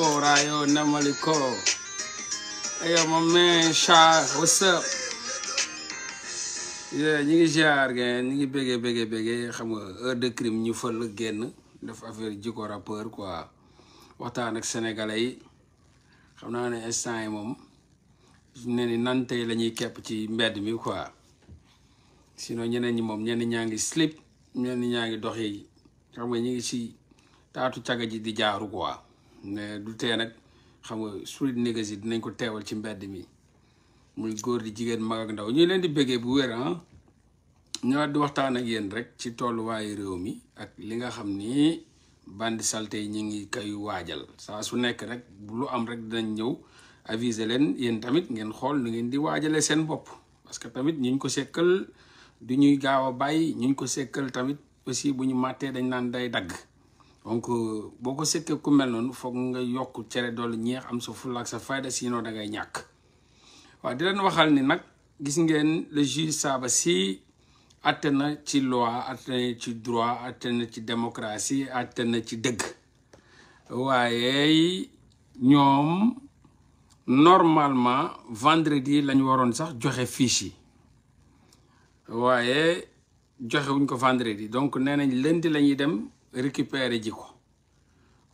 Fora, yo, Namaliko. Hey, yo, my man, Shy, what's up? ñu ngi ziar ngeen ñu ngi béggee béggee béggee xam nga heure de crime ñu fël génn def affaire jikko rappeur quoi waxtaan ak sénégalais yi xam naa ne instant yi moom ne ni lañuy la kepp ci mbedd mi quoi sino ñeneen ñi moom ñenn ñaa ngi slip ñenn ñaa ngi doxi xam nga ñu ngi si taatu caga ji di jaaru quoi mais du tee nag xam nga street niggas dinañ ko teewal ci mbedd mi muy góor di jigéen mag ak ndaw ñu leen di bëggee bu wér ah ñoo di waxtaan ak yéen rek ci tolluwaayu réew mi ak li nga xam ni bandi salte yi ñu ngi koy waajal saa su nekk rek lu am rek dinañ ñëw aviser leen yéen tamit ngeen xool nu ngeen di waajale seen bopp parce que tamit ñu ko sekkal du ñuy gaaw a bàyyi ñu ko sekkal tamit aussi bu ñu màttee dañ naan day dagg. donc euh, boo ko sekkee ku mel noonu foog nga yokk cere doolu ñeex am sa fulla ak sa fayda sinon da ngay ñàkk waa di leen waxal ni nag gis ngeen le juge saaba si atte na ci loi atte na ci droit atte na ci démocratie atte na ci dëgg waaye ñoom normalement vendredi lañu waroon sax joxe fiche yi waaye joxe wuñ ko vendredi donc nee nañ lundi la dem récupérer ji ko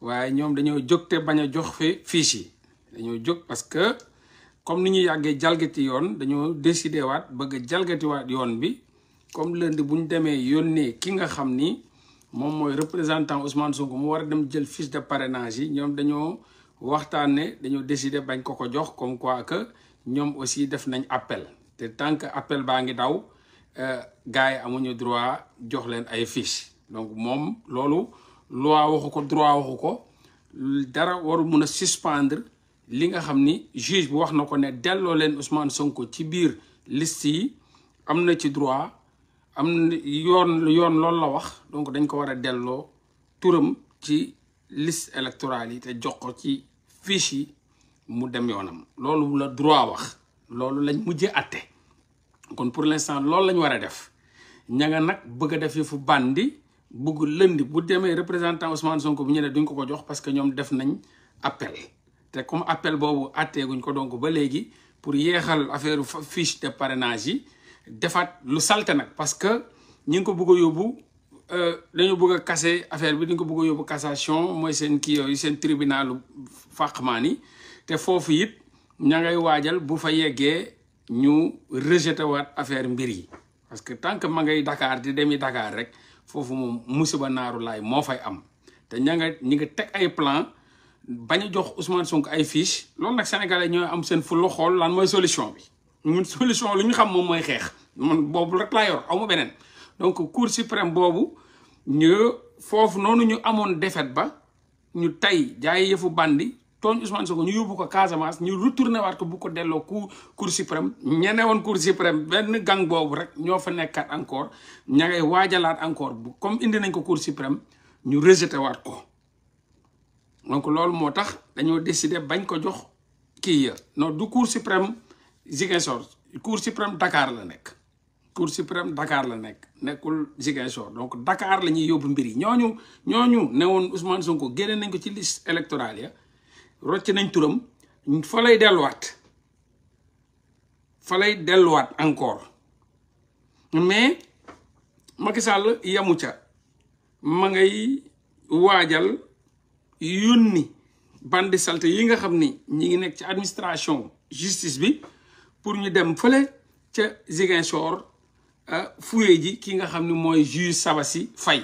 waaye ñoom dañoo jóg te bañ a jox fi fiche yi dañoo jóg parce que comme ni ñu yàggee jalgati yoon dañoo décidé waat bëgg a jalgatiwaat yoon bi comme lënd bu ñu demee yónnee ki nga xam ni moom mooy représentant Ousmane Sonko mu war a dem jël fiche de parrainage ñoom dañoo waxtaan ne dañoo décidé bañ ko ko jox comme quoi que ñoom aussi def nañ appel te tant que appel baa ngi daw euh, gars yi amuñu droit jox leen ay fiche donc moom loolu loi waxu ko droit waxu ko dara waru mun a suspendre li nga xam ni juge bi wax na ko ne delloo leen Ousmane Sonko ci biir liste yi am na ci droit am yoon loolu la wax donc dañ ko war a delloo turam ci liste électorale yi te jox ko ci fiche yi mu dem yoonam loolu la droit wax loolu lañ mujjee àtte kon pour l'instant loolu lañ war a def ña nga nag bëgg a def yëfu bandi bugg lëndi bu demee représentant Ousmane Sonko bu ñu ne duñ ko ko jox parce que ñoom def nañ appel te comme appel boobu guñ ko donk ba léegi pour yeexal affaire fiche de parrainage yi defaat lu salte nag parce que ñi ngi ko bugg a yóbbu euh, dañu bëgg a kase affaire bi dañu ko bëgg a yóbbu cassation mooy seen kii yooyu seen tribunalu fàqmaan yi te foofu yit ña ngay waajal bu fa yeggee ñu rejeté waat affaire mbir yi parce que tant que ma ngay dakaar di demi Dakar rek foofu moom musiba naaru laay moo fay am te ña nga ñi nga teg ay plan bañ a jox Ousmane sunk ay fiche loolu nag sénégalais ñoo am seen fulla xool lan mooy solution bi ñun solution lu ñu xam moom mooy xeex man boobu rek laa yor aw beneen donc cour suprême boobu ñu foofu noonu ñu amoon défaite ba ñu tey jaay yëfu bandi tooñ Ousmane Sonko ñu yóbbu ko Casamance ñu retourné waat ko bu ko delloo cour cour suprême ñene woon cour suprême benn gang boobu rek ñoo fa nekkaat encore ña waajalaat encore bu comme indi nañ ko cour suprême ñu rejeté waat ko donc loolu moo tax dañoo décidé bañ ko jox kii ya noo du cour suprême Ziguinchor cour suprême Dakar la nekk cour suprême Dakar la nekk nekkul Ziguinchor donc Dakar la ñuy yóbbu mbir yi ñooñu ñooñu ne woon Ousmane Sonko génne nañ ko ci liste électorale ya rocc nañ turam fa lay delluwaat fa lay delluwaat encore mais Macky yamu ca ma ngay waajal yónni bandi salte yi nga xam ni ñi ngi nekk ci administration justice bi pour ñu dem fële ca Ziguinchor euh, fuye ji ki nga xam ni mooy saba si fay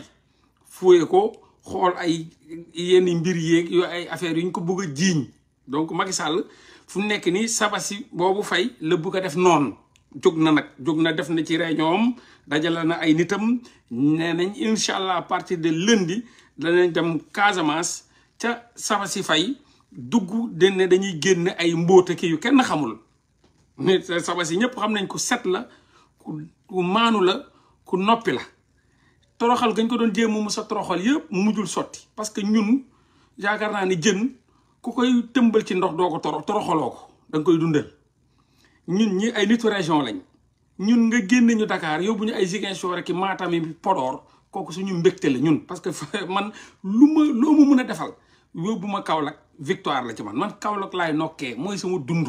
fuye ko xool ay yenn mbir yéeg yu ay affaires yu ñu ko bëgg jiiñ donc Macky Sall fu nekk nii sabasi boobu fay la bëgg a def noonu jóg na nag jóg na def na ci réunion dajale na ay nitam nee nañ incha allah à partir de lundi danañ dem Casamance ca sabasi fay dugg denne dañuy génn ay mbóota yu kenn xamul ne si ñëpp xam nañ ku set la ku maanu la ku noppi la toroxal gañ ko doon jéem mu sa toroxal yëpp mu mujjul sotti parce que ñun yaakaar naa ni jën ku koy tëmbal ci ndox doo ko toro toroxaloo ko da nga koy dundal ñun ñi ay nitu région lañ ñun nga génne ñu Dakar yóbbu ñu ay Ziguinchor rek Matam yi Podor kooku ñu mbégte la ñun parce que man lu ma loo ma mun a defal yóbbu ma Kaolack victoire la ci man man Kaolack laay nokkee mooy sama dund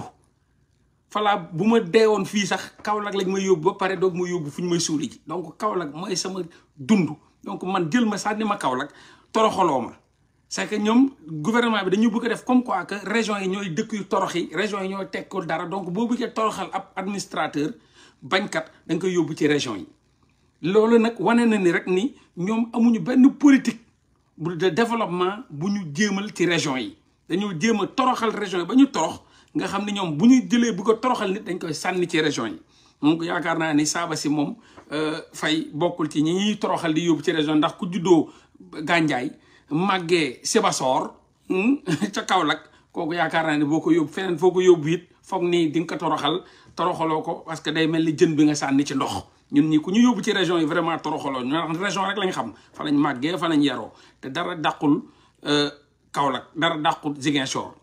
falaa bu ma deewoon fii sax Kaolack lañ may yóbbu ba pare doog ma yóbbu fu ñu may suuli ji donc Kaolack mooy sama dund donc man jël ma sànni ma Kaolack toroxaloo ma c'est que ñoom gouvernement bi dañu bëgg a def comme quoi que région yi ñooy dëkk yu torox yi région yi ñooy tekkul dara donc boo bëggee toroxal ab administrateur bañkat da koy yóbbu ci région yi loolu nag wane na ni rek ni ñoom amuñu benn politique de développement bu ñu jéemal ci région yi dañoo jéem a toroxal région yi ba ñu torox nga xam ne ñoom bu ñuy jëlee bu ko toroxal nit dañ koy sànni ci région yi donc yaakaar naa ni saaba si moom euh, fay bokkul ci ñi ñuy toroxal di yóbbu ci région ndax ku juddoo Gànjaay màggee Sibassor hmm, ca Kaolack kooku yaakaar naa ne boo ko yóbbu feneen foo ko yóbbu it foog nii di nga ko toroxal ko parce que day mel ni jën bi nga sànni ci ndox ñun ñi ku ñu yóbbu ci région yi vraiment toroxaloo ñu région rek lañ xam fa lañ màggee fa lañ yaroo te dara dàqul euh, Kaolack dara dàqul Ziguinchor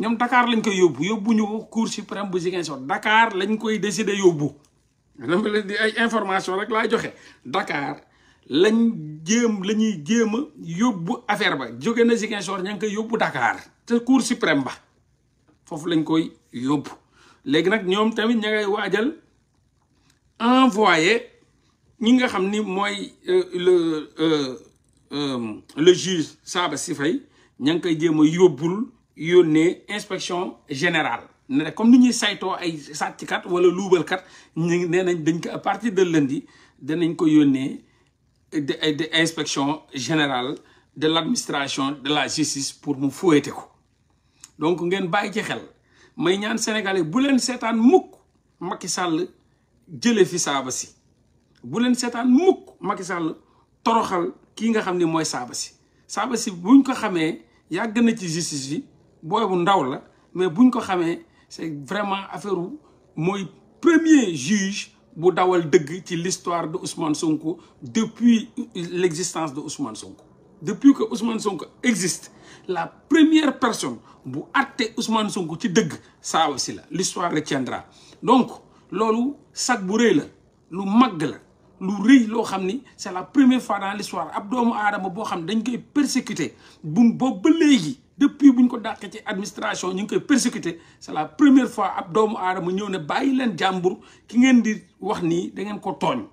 ñoom dakaar lañ koy yóbbu yóbbu ñu ko cour suprême bu Ziguinchor Dakar lañ koy décider yóbbu dama leen di ay information rek laa joxe Dakar lañ jéem la ñuy jéem a yóbbu affaire ba jóge na Ziguinchor ña ngi koy yóbbu dakaar te cour suprême ba foofu lañ koy yóbbu léegi nag ñoom tamit ña ngay waajal envoyé ñi nga xam ni mooy euh, le euh, euh, le juge Saba Sifay ña ngi koy jéem a yóbbul yónnee inspection générale ne comme ni ñuy saytoo ay sàcckat wala luubalkat ñu nee nañ dañ ko à partir de lundi danañ ko yónnee de inspection général de l' de la justice pour mu fóoyate ko donc ngeen bàyyi ci xel may ñaan sénégalais bu leen seetaan mukk Macky sàll jëlee fi saaba si bu leen seetaan mukk Macky Sall toroxal kii nga xam ni mooy saaba si saaba si buñ ko xamee yàgg na ci justice bi booy bu ndaw la mais buñ ko xamee c'est vraiment affaire wu mooy premier juge bu dawal dëgg ci l'histoire de Ousmane Sonko depuis l'existence de Ousmane Sonko depuis que Ousmane Sonko existe la première personne bu àtte Ousmane Sonko ci dëgg saa aussi la l'histoire retiendra donc loolu sag bu rëy la lu mag la lu rëy loo xam ni c'est la première fois dans l'histoire ab doomu aadama boo xam dañ koy persécuté bu boobu ba léegi depuis bu ñu ko dàqee ci administration ñu ngi koy persécuté c'est la première fois ab doomu aadama ñëw ne bàyyi leen jàmbur ki ngeen di wax nii da ngeen ko tooñ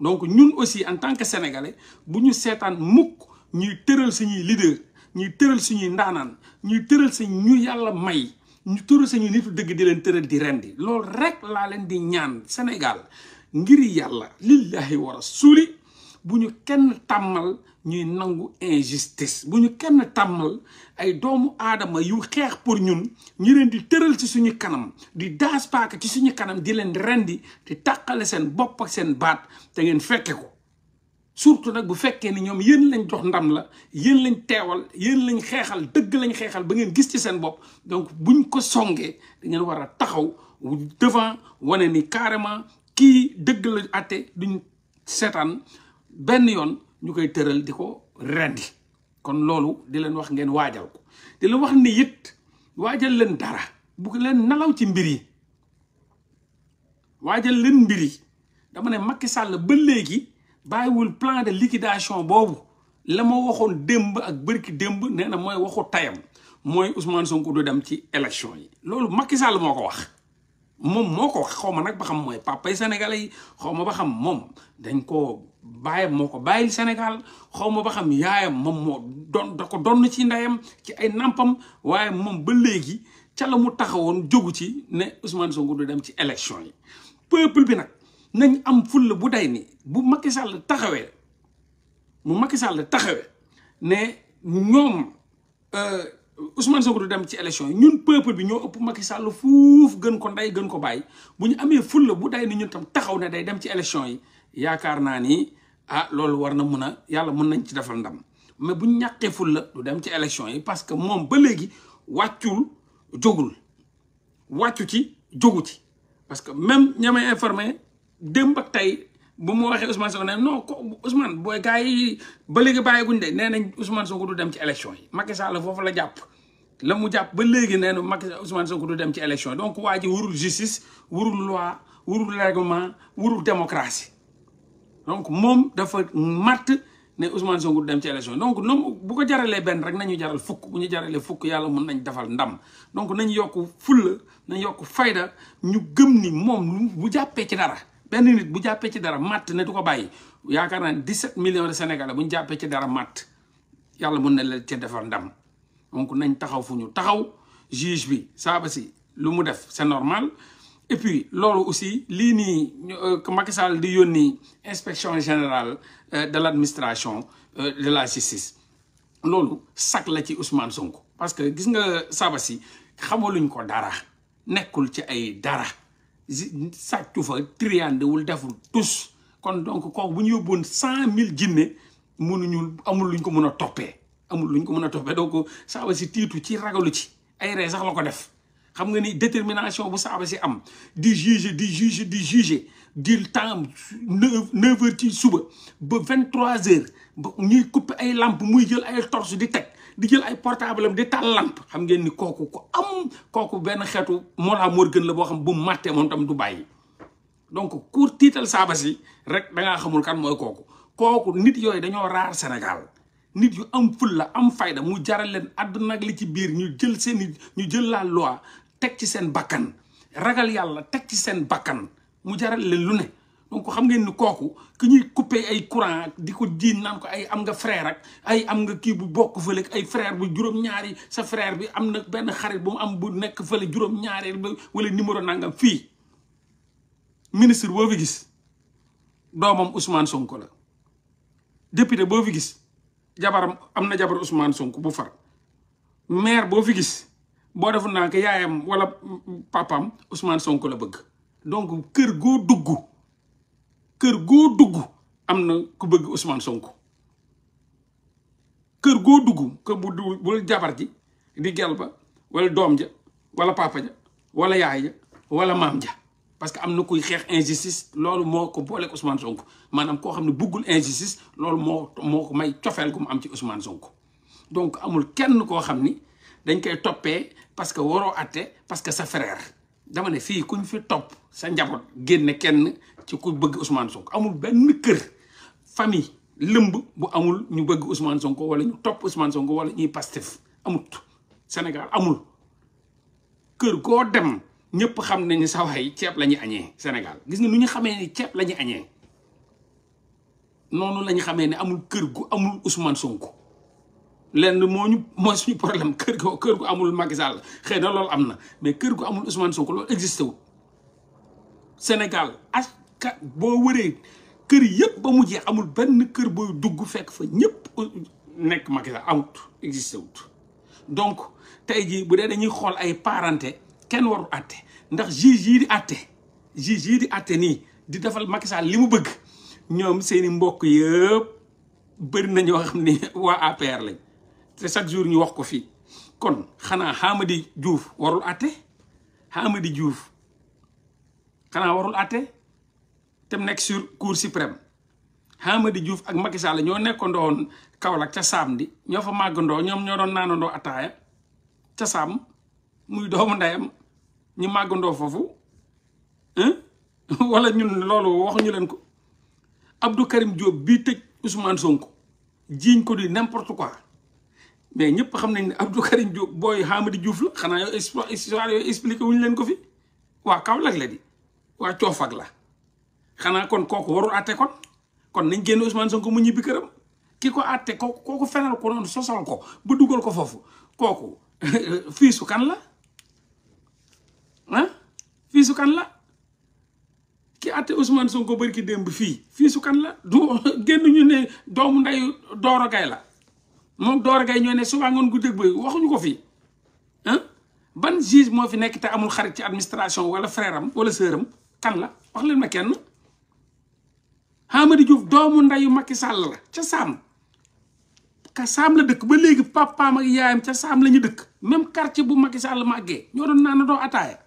donc ñun aussi en tant que sénégalais bu ñu seetaan mukk ñuy tëral suñuy leader ñuy tëral suñuy ndaanaan ñuy tëral sa ñu yàlla may ñu tëral suñuy nitu dëgg di leen tëral di rendi lool rek laa leen di ñaan Sénégal ngir yàlla lillahi wa rasuli bu ñu kenn tàmmal ñuy nangu injustice bu ñu kenn tàmmal ay doomu aadama yu xeex pour ñun ñu leen di tëral ci suñu kanam di daas paaka ci suñu kanam di leen rendi di tàqale seen bopp ak seen baat te ngeen fekke ko surtout nag bu fekkee ni ñoom yéen lañ jox ndam la yéen lañ teewal yéen lañ xeexal dëgg lañ xeexal ba ngeen gis ci seen bopp donc buñ ko songee da ngeen war a taxaw devant wane ni carrément kii dëgg la àtte duñ seetaan benn yoon ñu koy tëral di ko rendi kon loolu di leen wax ngeen waajal ko di leen wax ni it waajal leen dara bu leen nalaw ci mbir yi waajal leen mbir yi dama ne makki sàll ba léegi bàyyiwul plan de liquidation boobu la ma waxoon démb ak bërki démb nee na mooy waxu tayam mooy Ousmane Sonko du dem ci élection yi loolu Macky sàll moo ko wax moom moo ko wax xaw ma nag ba xam mooy papay sénégalais yi xaw ma ba xam moom dañ ko baayam moo ko bàyyil Sénégal xaw ma ba xam yaayam moom moo doon da ko donn ci ndeyam ci ay nàmpam waaye moom ba léegi ca la mu taxawoon jógu ci ne Ousmane Sonko du dem ci élection yi bi nag nañ am fulla bu day ni bu Macky Sall taxawee mu Macky Sall taxawee ne ñoom euh, Ousmane du dem ci élection yi ñun peuple bi ñoo ëpp Macky Sall fuuf gën ko ndey gën ko bàyyi bu ñu amee ful la bu day ni ñun tam taxaw ne day dem ci élection yi yaakaar naa ni ah loolu war na mun a yàlla mun nañ ci defal ndam mais bu ñàkkee ful la du dem ci élection yi parce que moom ba léegi wàccul jogul wàccu ci jógu ci parce que même ñamay informe dem ak tey bu mu waxee Ousmane Sonko ne non ko Ousmane booy gars yi ba léegi bàyyiguñ de nee nañ Ousmane Sonko du dem ci élection yi Macky Sall foofu la jàpp la mu jàpp ba léegi nee na Macky Ousmane Sonko du dem ci élection yi donc waa ji wurul justice wurul loi wurul règlement wurul démocratie donc moom dafa matt ne Ousmane Sonko dem ci élection donc noonu bu ko jaralee benn rek nañu jaral fukk bu ñu jaralee fukk yàlla mun nañ defal ndam donc nañ yokk fulla nañ yokk fayda ñu gëm ni moom bu jàppee ci dara benn nit bu jàppee ci dara matt ne du ko bàyyi yaakaar naa 17 millions de Sénégalais bu ñu jàppee ci dara yàlla mën na leen ci defal ndam donc nañ taxaw fu ñu taxaw juge bi saaba si lu mu def c'est normal et puis loolu aussi lii nii euh, Macky Sall di yónni inspection général euh, de l' administration euh, de la justice loolu sac la ci Ousmane Sonko parce que gis nga si Sabassi luñ ko dara nekkul ci ay dara sàccu fa triandewul deful tous kon donc kooku bu ñu yóbboon cent mille jinne ñuul amul luñ ko mun a toppee amul luñ ko mën a toppee donc Sabassi tiitu ci ragalu ci ay ree sax la ko def xam nga ni détermination bu saaba si am di juger di juger di juger di temps neuf neuf heures ci suba ba vingt trois heures ba ñuy couper ay làmp muy jël ay torche di teg di jël ay portable am di taal lampe xam ngeen ni kooku ku am kooku benn xeetu Mollah Morgun la boo xam bu màttee moom tam du bàyyi donc ku tiital saaba si rek da xamul kan mooy kooku kooku nit yooyu dañoo raar Sénégal nit yu am ful la am fayda mu jaral leen àdduna ak li ci biir ñu jël seeni ñu jël la loi teg ci seen bakkan ragal yàlla teg ci seen bakkan mu jaral leen lu ne donc xam ngeen ni kooku ki ñuy couper ay courant di ko diin naan ko ay am nga frère ak ay am nga kii bu bokk fële ay frère bu juróom-ñaari sa frère bi am na benn xarit bu mu am bu nekk fële juróom-ñaari wala numéro nangam fii ministre boo fi gis doomam Ousmane Sonko la député boo fi gis jabaram am na jabar Ousmane Sonko bu far maire boo fi gis boo defoon naa yaayam walla papaam Ousmane Sonko la bëgg donc kër goo dugg kër goo dugg am na ku bëgg Ousmane Sonko kër goo dugg kër bu bu jabar ji di gel ba wala doom ja wala papa ja wala yaay ja wala maam ja parce que am na kuy xeex injustice loolu moo ko booleeg Ousmane Sonko maanaam koo xam ne buggul injustice loolu moo moo ko may cofeel gu mu am ci Ousmane Sonko donc amul kenn koo xam ni dañ koy toppee parce que waroo atte parce que sa frère dama ne fii kuñ fi topp sa njaboot génne kenn ci ku bëgg Ousmane Sonko amul benn kër famille lëmb bu amul ñu bëgg Ousmane Sonko wala ñu topp Ousmane Sonko wala ñuy Pastef amut Sénégal amul kër goo dem ñëpp xam nañu sa waay ceeb la ñuy añee Sénégal gis nga nu ñu xamee ni ceeb la añee noonu la xamee ne amul kër gu amul Ousmane Sonko. lenn moo ñu mooy suñu problème kër ko kër gu amul Macky Sall xëy na loolu am na mais kër gu amul Ousmane Sonko loolu existé wul Sénégal ak boo wëree kër yëpp ba mujjee amul benn kër booy dugg fekk fa ñëpp nekk Macky awut amut existé wut donc tey jii bu dee dañuy xool ay parenté kenn waru àtte ndax juge yii di àtte juge yii di àtte nii di defal Macky li mu bëgg ñoom seeni mbokk yëpp bëri na ñoo xam ni waa APR lañ te chaque jour ñu wax ko fii kon xanaa Hamady juuf warul àtte Hamady juuf xanaa warul àtte te mu nekk sur cour suprême Hamady Diouf ak Macky Sall ñoo nekkandoon Kaolack ca samedi ñoo fa màggandoo ñoom ñoo doon naanandoo ataaya ca saam muy doomu ndeyam ñu màggandoo foofu wala ñun loolu waxuñu leen ko Abdou Karim Diop bi tëj Ousmane Sonko jiiñ ko di n'importe quoi mais ñëpp xam nañ ne Abdou Karim Diop booy Hamadi Diouf la xanaa yow histoire yooyu expliqué leen ko fi waa Kaolack la di waa Coofak la xanaa kon kooku warul àtte kon kon nañ génn Ousmane Sonko mu ñibbi këram ki ko àtte kooku kooku fenal ko noonu sosal ko ba dugal ko foofu kooku fii su kan la fii su kan la ki àtte Ousmane Sonko bari ki démb fii fii su kan la du génn ñu ne doomu ndeyu Doro Gaye la moom Doro Gaye ñoo ne suba ngoon guddeeg ba waxuñu ko fii ban juge moo fi nekk te amul xarit ci administration wala frère am wala sœur am kan la wax leen ma kenn. Hamady Diouf doomu ndeyu Macky sàll la ca Saam ka Saam la dëkk ba léegi papaam ak yaayam ca Saam lañu dëkk même quartier bu Macky Sall màggee ñoo doon naan doo ataaya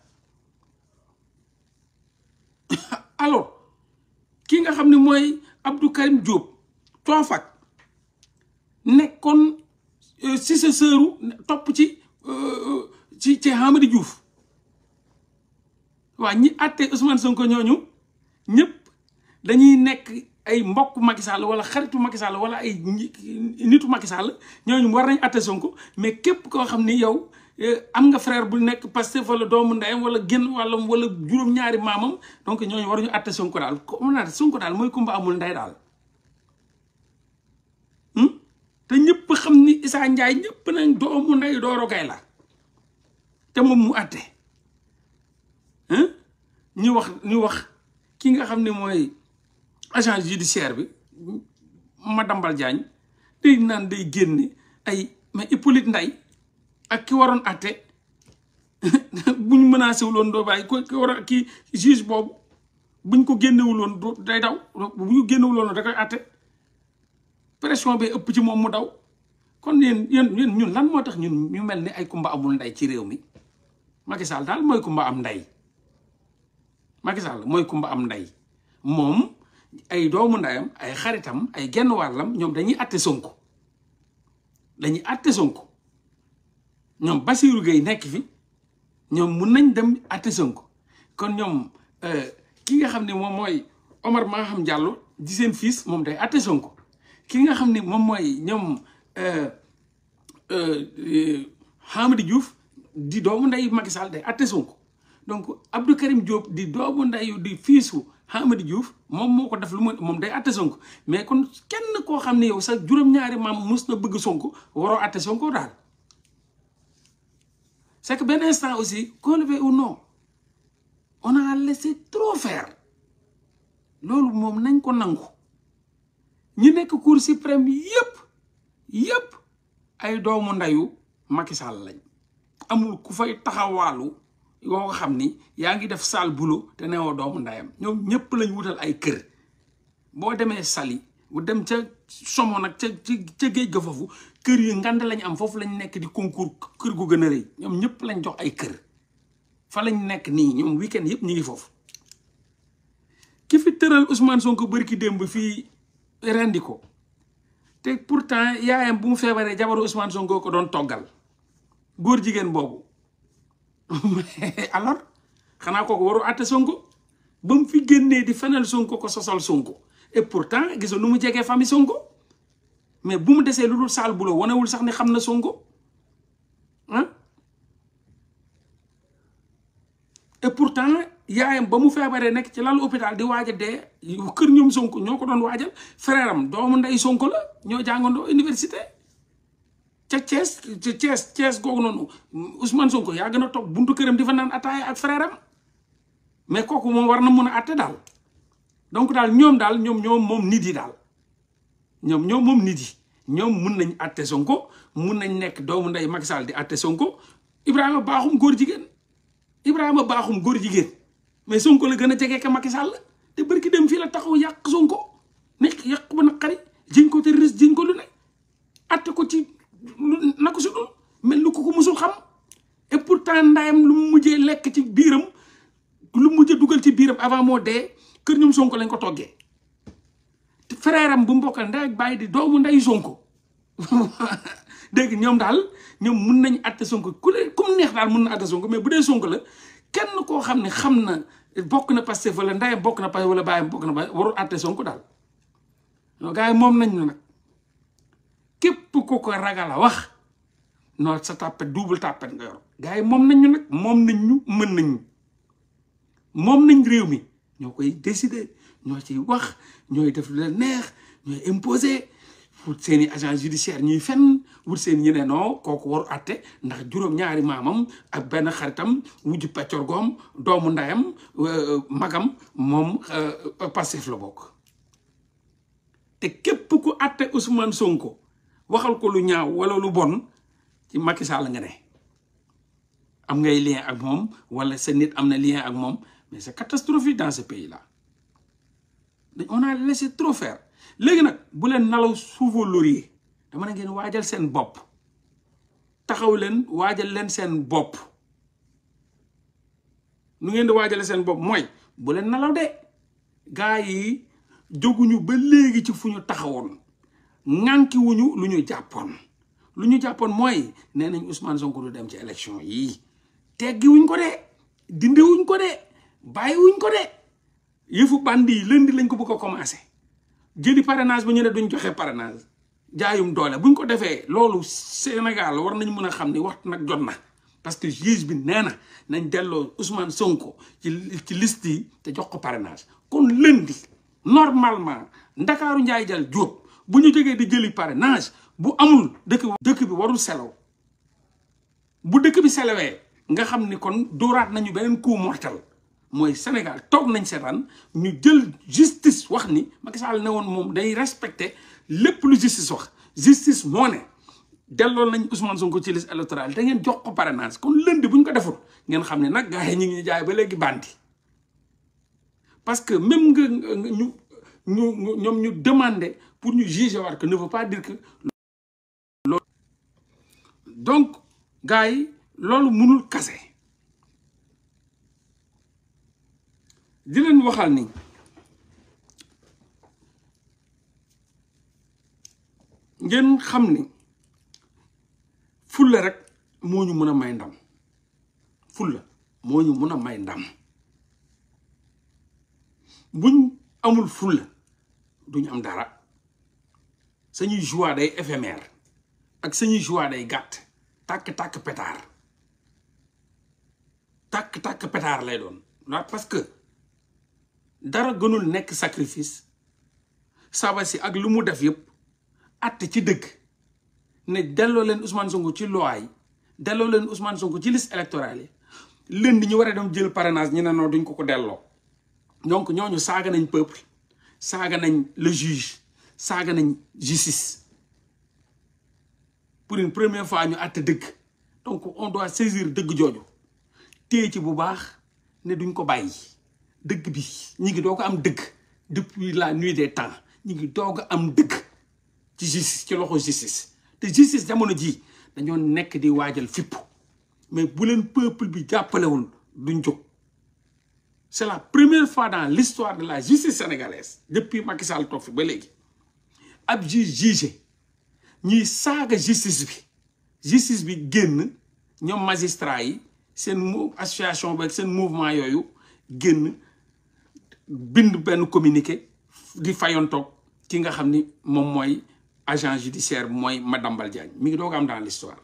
alors ki nga xam ni mooy Abdou Karim Diop Toofak. nekkoon euh, si sa sëru topp ci euh, ci ci Hamadi Diouf waa ñi àtte Ousmane Sonko ñooñu ñëpp dañuy nekk ay mbokk Macky Sall wala xaritu Macky Sall wala ay nitu Macky Sall ñooñu war nañ àtte Sonko mais képp koo xam ni yow euh, am nga frère bu nekk Pastef wala doomu ndeyam wala génn wàllam wala juróom-ñaari maamam donc ñooñu nu àtte Sonko daal comme naa Sonko daal mooy kumba amul ndey daal. te ñëpp xam ni Issa Ndiaye ñëpp nañ doomu nday Doro Gaye la te moom mu àtte ñu wax ñu wax ki nga xam ne mooy agent judiciaire bi ma dambal jaañ day naan day génne ay mais Hippolyte Ndeye ak ki waroon àtte buñ menacé wuloon doo bàyyi ko ki war ki juge boobu buñ ko génnewu génnewuloon day daw buñ ñu génnewuloon da koy àtte pression bi ëpp ci moom mu daw kon yéen ñun lan moo tax ñun ñu mel ni ay kumba amul ndey ci réew mi Macky Sall daal mooy kumba am ndey Macky Sall mooy kumba am ndey moom ay doomu ndeyam ay xaritam ay genn wàllam ñoom dañuy àtte Sonko dañuy àtte Sonko ñoom Bassirou Gueye nekk fi ñoom mun nañ dem àtte Sonko kon ñoom euh, ki nga xam ne moom mooy Omar Maham Diallo di seen fils moom day àtte Sonko ki nga xam ne moom mooy ñoom euh, euh, Hamadi Diouf di doomu ndeyu Macky Sall day atte Sonko donc Abdou Karim Diop di doomu ndeyu di fiisu Hamadi Diouf moom moo ko def lu ma moom day atte Sonko mais kon kenn koo xam ne yow sa juróom-ñaari maam mus na bëgg Sonko waroo atte sonkoo daal c'est que benn instant aussi qu'on le veuille ou non on trop faire loolu moom nañ ko nangu ñi nekk cour suprême yépp yépp ay doomu ndeyu Macky Sall lañ amul ku fay taxawaalu yoo xam ni yaa ngi def sale boulot te neewoo doomu ndayam ñoom ñëpp lañ wutal ay kër boo demee Saly bu dem ca somo nag ca géej ga foofu kër yi ngand lañ am foofu lañu nekk di concours kër gu gën a rëy ñoom ñëpp lañ jox ay kër fa lañu nekk nii ñoom weekend yëpp ñu ngi foofu ki fi tëral Ousmane Sonko bërki démb fii rendi ko te pourtant yaayam bu mu feebaree jabaru Ousmane Sonko ko doon toggal góor jigéen boobu alors xanaa kooku waru àtte Sonko ba mu fi génnee di fenal Sonko ko sosal Sonko et pourtant gisoo nu mu jegee fami Sonko mais bu mu desee lu dul saal buloo wanewul sax ni xam na Sonko ah et pourtant yaayam ba mu feebaree nekk ci lal hôpital di waaj de dee kër ñoom Sonko ñoo ko doon waajal frère am doomu ndey Sonko la ñoo jàngandoo université ca Thiès ca Thiès Thiès googu noonu Ousmane Sonko yaa gën a toog buntu këram di fa naan ataaya ak frère am mais kooku moom war na mun a atte daal donc daal ñoom daal ñoom ñoom moom nit yi daal ñoom ñoom moom nit yi ñoom mun nañ atte Sonko mun nañ nekk doomu ndey Macky Sall di atte Sonko Ibrahima baaxum góor jigéen Ibrahima baaxum góor jigéen. mais Sonko la gën a jege ka Macky sàll te bërki dem fii la taxaw yàq Sonko nekk yàq bu naqari jiñ ko terroriste jiñ ko lu ne atte ko ci lu na si dul mel lu ko ko musul xam et pourtant ndayam lu mu mujjee lekk ci biiram lu mu mujjee dugal ci biiram avant moo de kër ñoom Sonko lañ ko toggee frère am bu mbokkal ndey ak bàyyi di doomu nday Sonko dégg ñoom daal ñoom mun nañ atte Sonko ku leen ku mu neex daal mun na atte Sonko mais bu dee Sonko la kenn koo xam ne xam na bokk na Pastef wala ndeyam bokk na Pastef wala baay bokk na ba warul àtte Sonko daal non gars yi moom nañ ñu nag képp ku ko ragal a wax non sa tàppet double tàppet gars yi moom nañ ñu nag moom nañ ñu mën nañ moom nañ réew mi ñoo koy décider ñoo ciy wax ñooy def lu leen neex ñooy imposer pour seeni agent judiciaire ñuy fen wut seen ñi ne kooku waru atte ndax juróom-ñaari maamam ak benn xaritam wujju peccor goom doomu ndayam euh, magam moom euh, passif la bokk te képp ku atte Ousmane Sonko waxal ko lu ñaaw wala lu bon ci Macky Sall nga ne am ngay lien ak moom wala sa nit am na lien ak moom mais c'est catastrophique dans ce pays là on a laissé trop léegi nag bu leen nalaw suufoo laurier dama na ngeen waajal seen bopp taxaw leen waajal leen seen bopp nu ngeen di waajale seen bopp mooy bu leen nalaw de gaa yi jóguñu ba léegi ci fu ñu taxawoon ŋànkiwuñu lu ñu jàppoon lu ñu jàppoon mooy nee nañ Ousmane Sonko du dem ci élection yii teggiwuñ ko de dindiwuñ ko de bàyyiwuñ ko de yëfu bandi yi lëndi lañ ko bëgg a commencé jëli parrainage ba ñu ne duñ joxee paranage jaayum doole buñ ko defee loolu Sénégal war nañ mën a xam ni waxtu nag jot na parce que juge bi nee na nañ delloo Ousmane Sonko ci ci liste yi te jox ko parrainage kon lundi normalement Ndakaaru Njaay Jal Jóob bu ñu jógee di jëli pare nage bu amul dëkk dëkk bi warul selaw bu dëkk bi selawee nga xam ni kon dóoraat nañu beneen coup mortel mooy Sénégal toog nañ seetaan ñu jël justice wax ni Macky Sall ne woon moom day respecté lépp lu justice wax justice moo ne delloo nañ Ousmane ko ci liste électorale da ngeen jox ko parrainage kon lënd bu ñu ko deful ngeen xam ne nag gars yi ñu ngi jaay ba léegi bandi parce que même nga ñu ñoom ñu demander pour ñu juger waat que ne veut pas dire que donc gars yi loolu mënul kase di leen waxal ni ngeen xam ni fulla rek moo ñu mën a may ndam fulla moo ñu mën a may ndam buñ amul fulla duñu am dara sañuy joie day éphémère ak sañuy joie day gàtt tàkk-tàkk pétard tàkk-tàkk pétard lay doon la parce que dara gënul nekk sacrifice saba si ak lu mu def yëpp atte ci dëgg ne delloo leen Ousmane Sonko ci loi yi delloo leen Ousmane Sonko ci liste électorale yi lënd ñu war a dem jël parrainage ñu ne non duñ ko ko delloo donc ñooñu saaga nañ peuple saaga nañ le juge saaga nañ justice pour un première fois ñu àtte dëgg donc on doit saisir dëgg jooju téye ci bu baax ne duñ ko bàyyi dëgg bi ñi ngi doo ko am dëgg depuis la nuit des temps ñi ngi doo ko am dëgg ci justice ci loxo justice te justice jamono jii dañoo nekk di waajal fipp mais bu leen peuple bi jàppalewul duñ jóg c'est la première fois dans l'histoire de la justice sénégalaise depuis Macky Sall toog fi ba léegi ab juge jugé ñi saaga justice bi justice bi génn ñoom magistrat yi seen mou association seen mouvement yooyu génn bind benn communiqué di fayantoog ki nga xam ni moom mooy agent judiciaire mooy Madambal Diagne mi ngi doog am dans l'histoire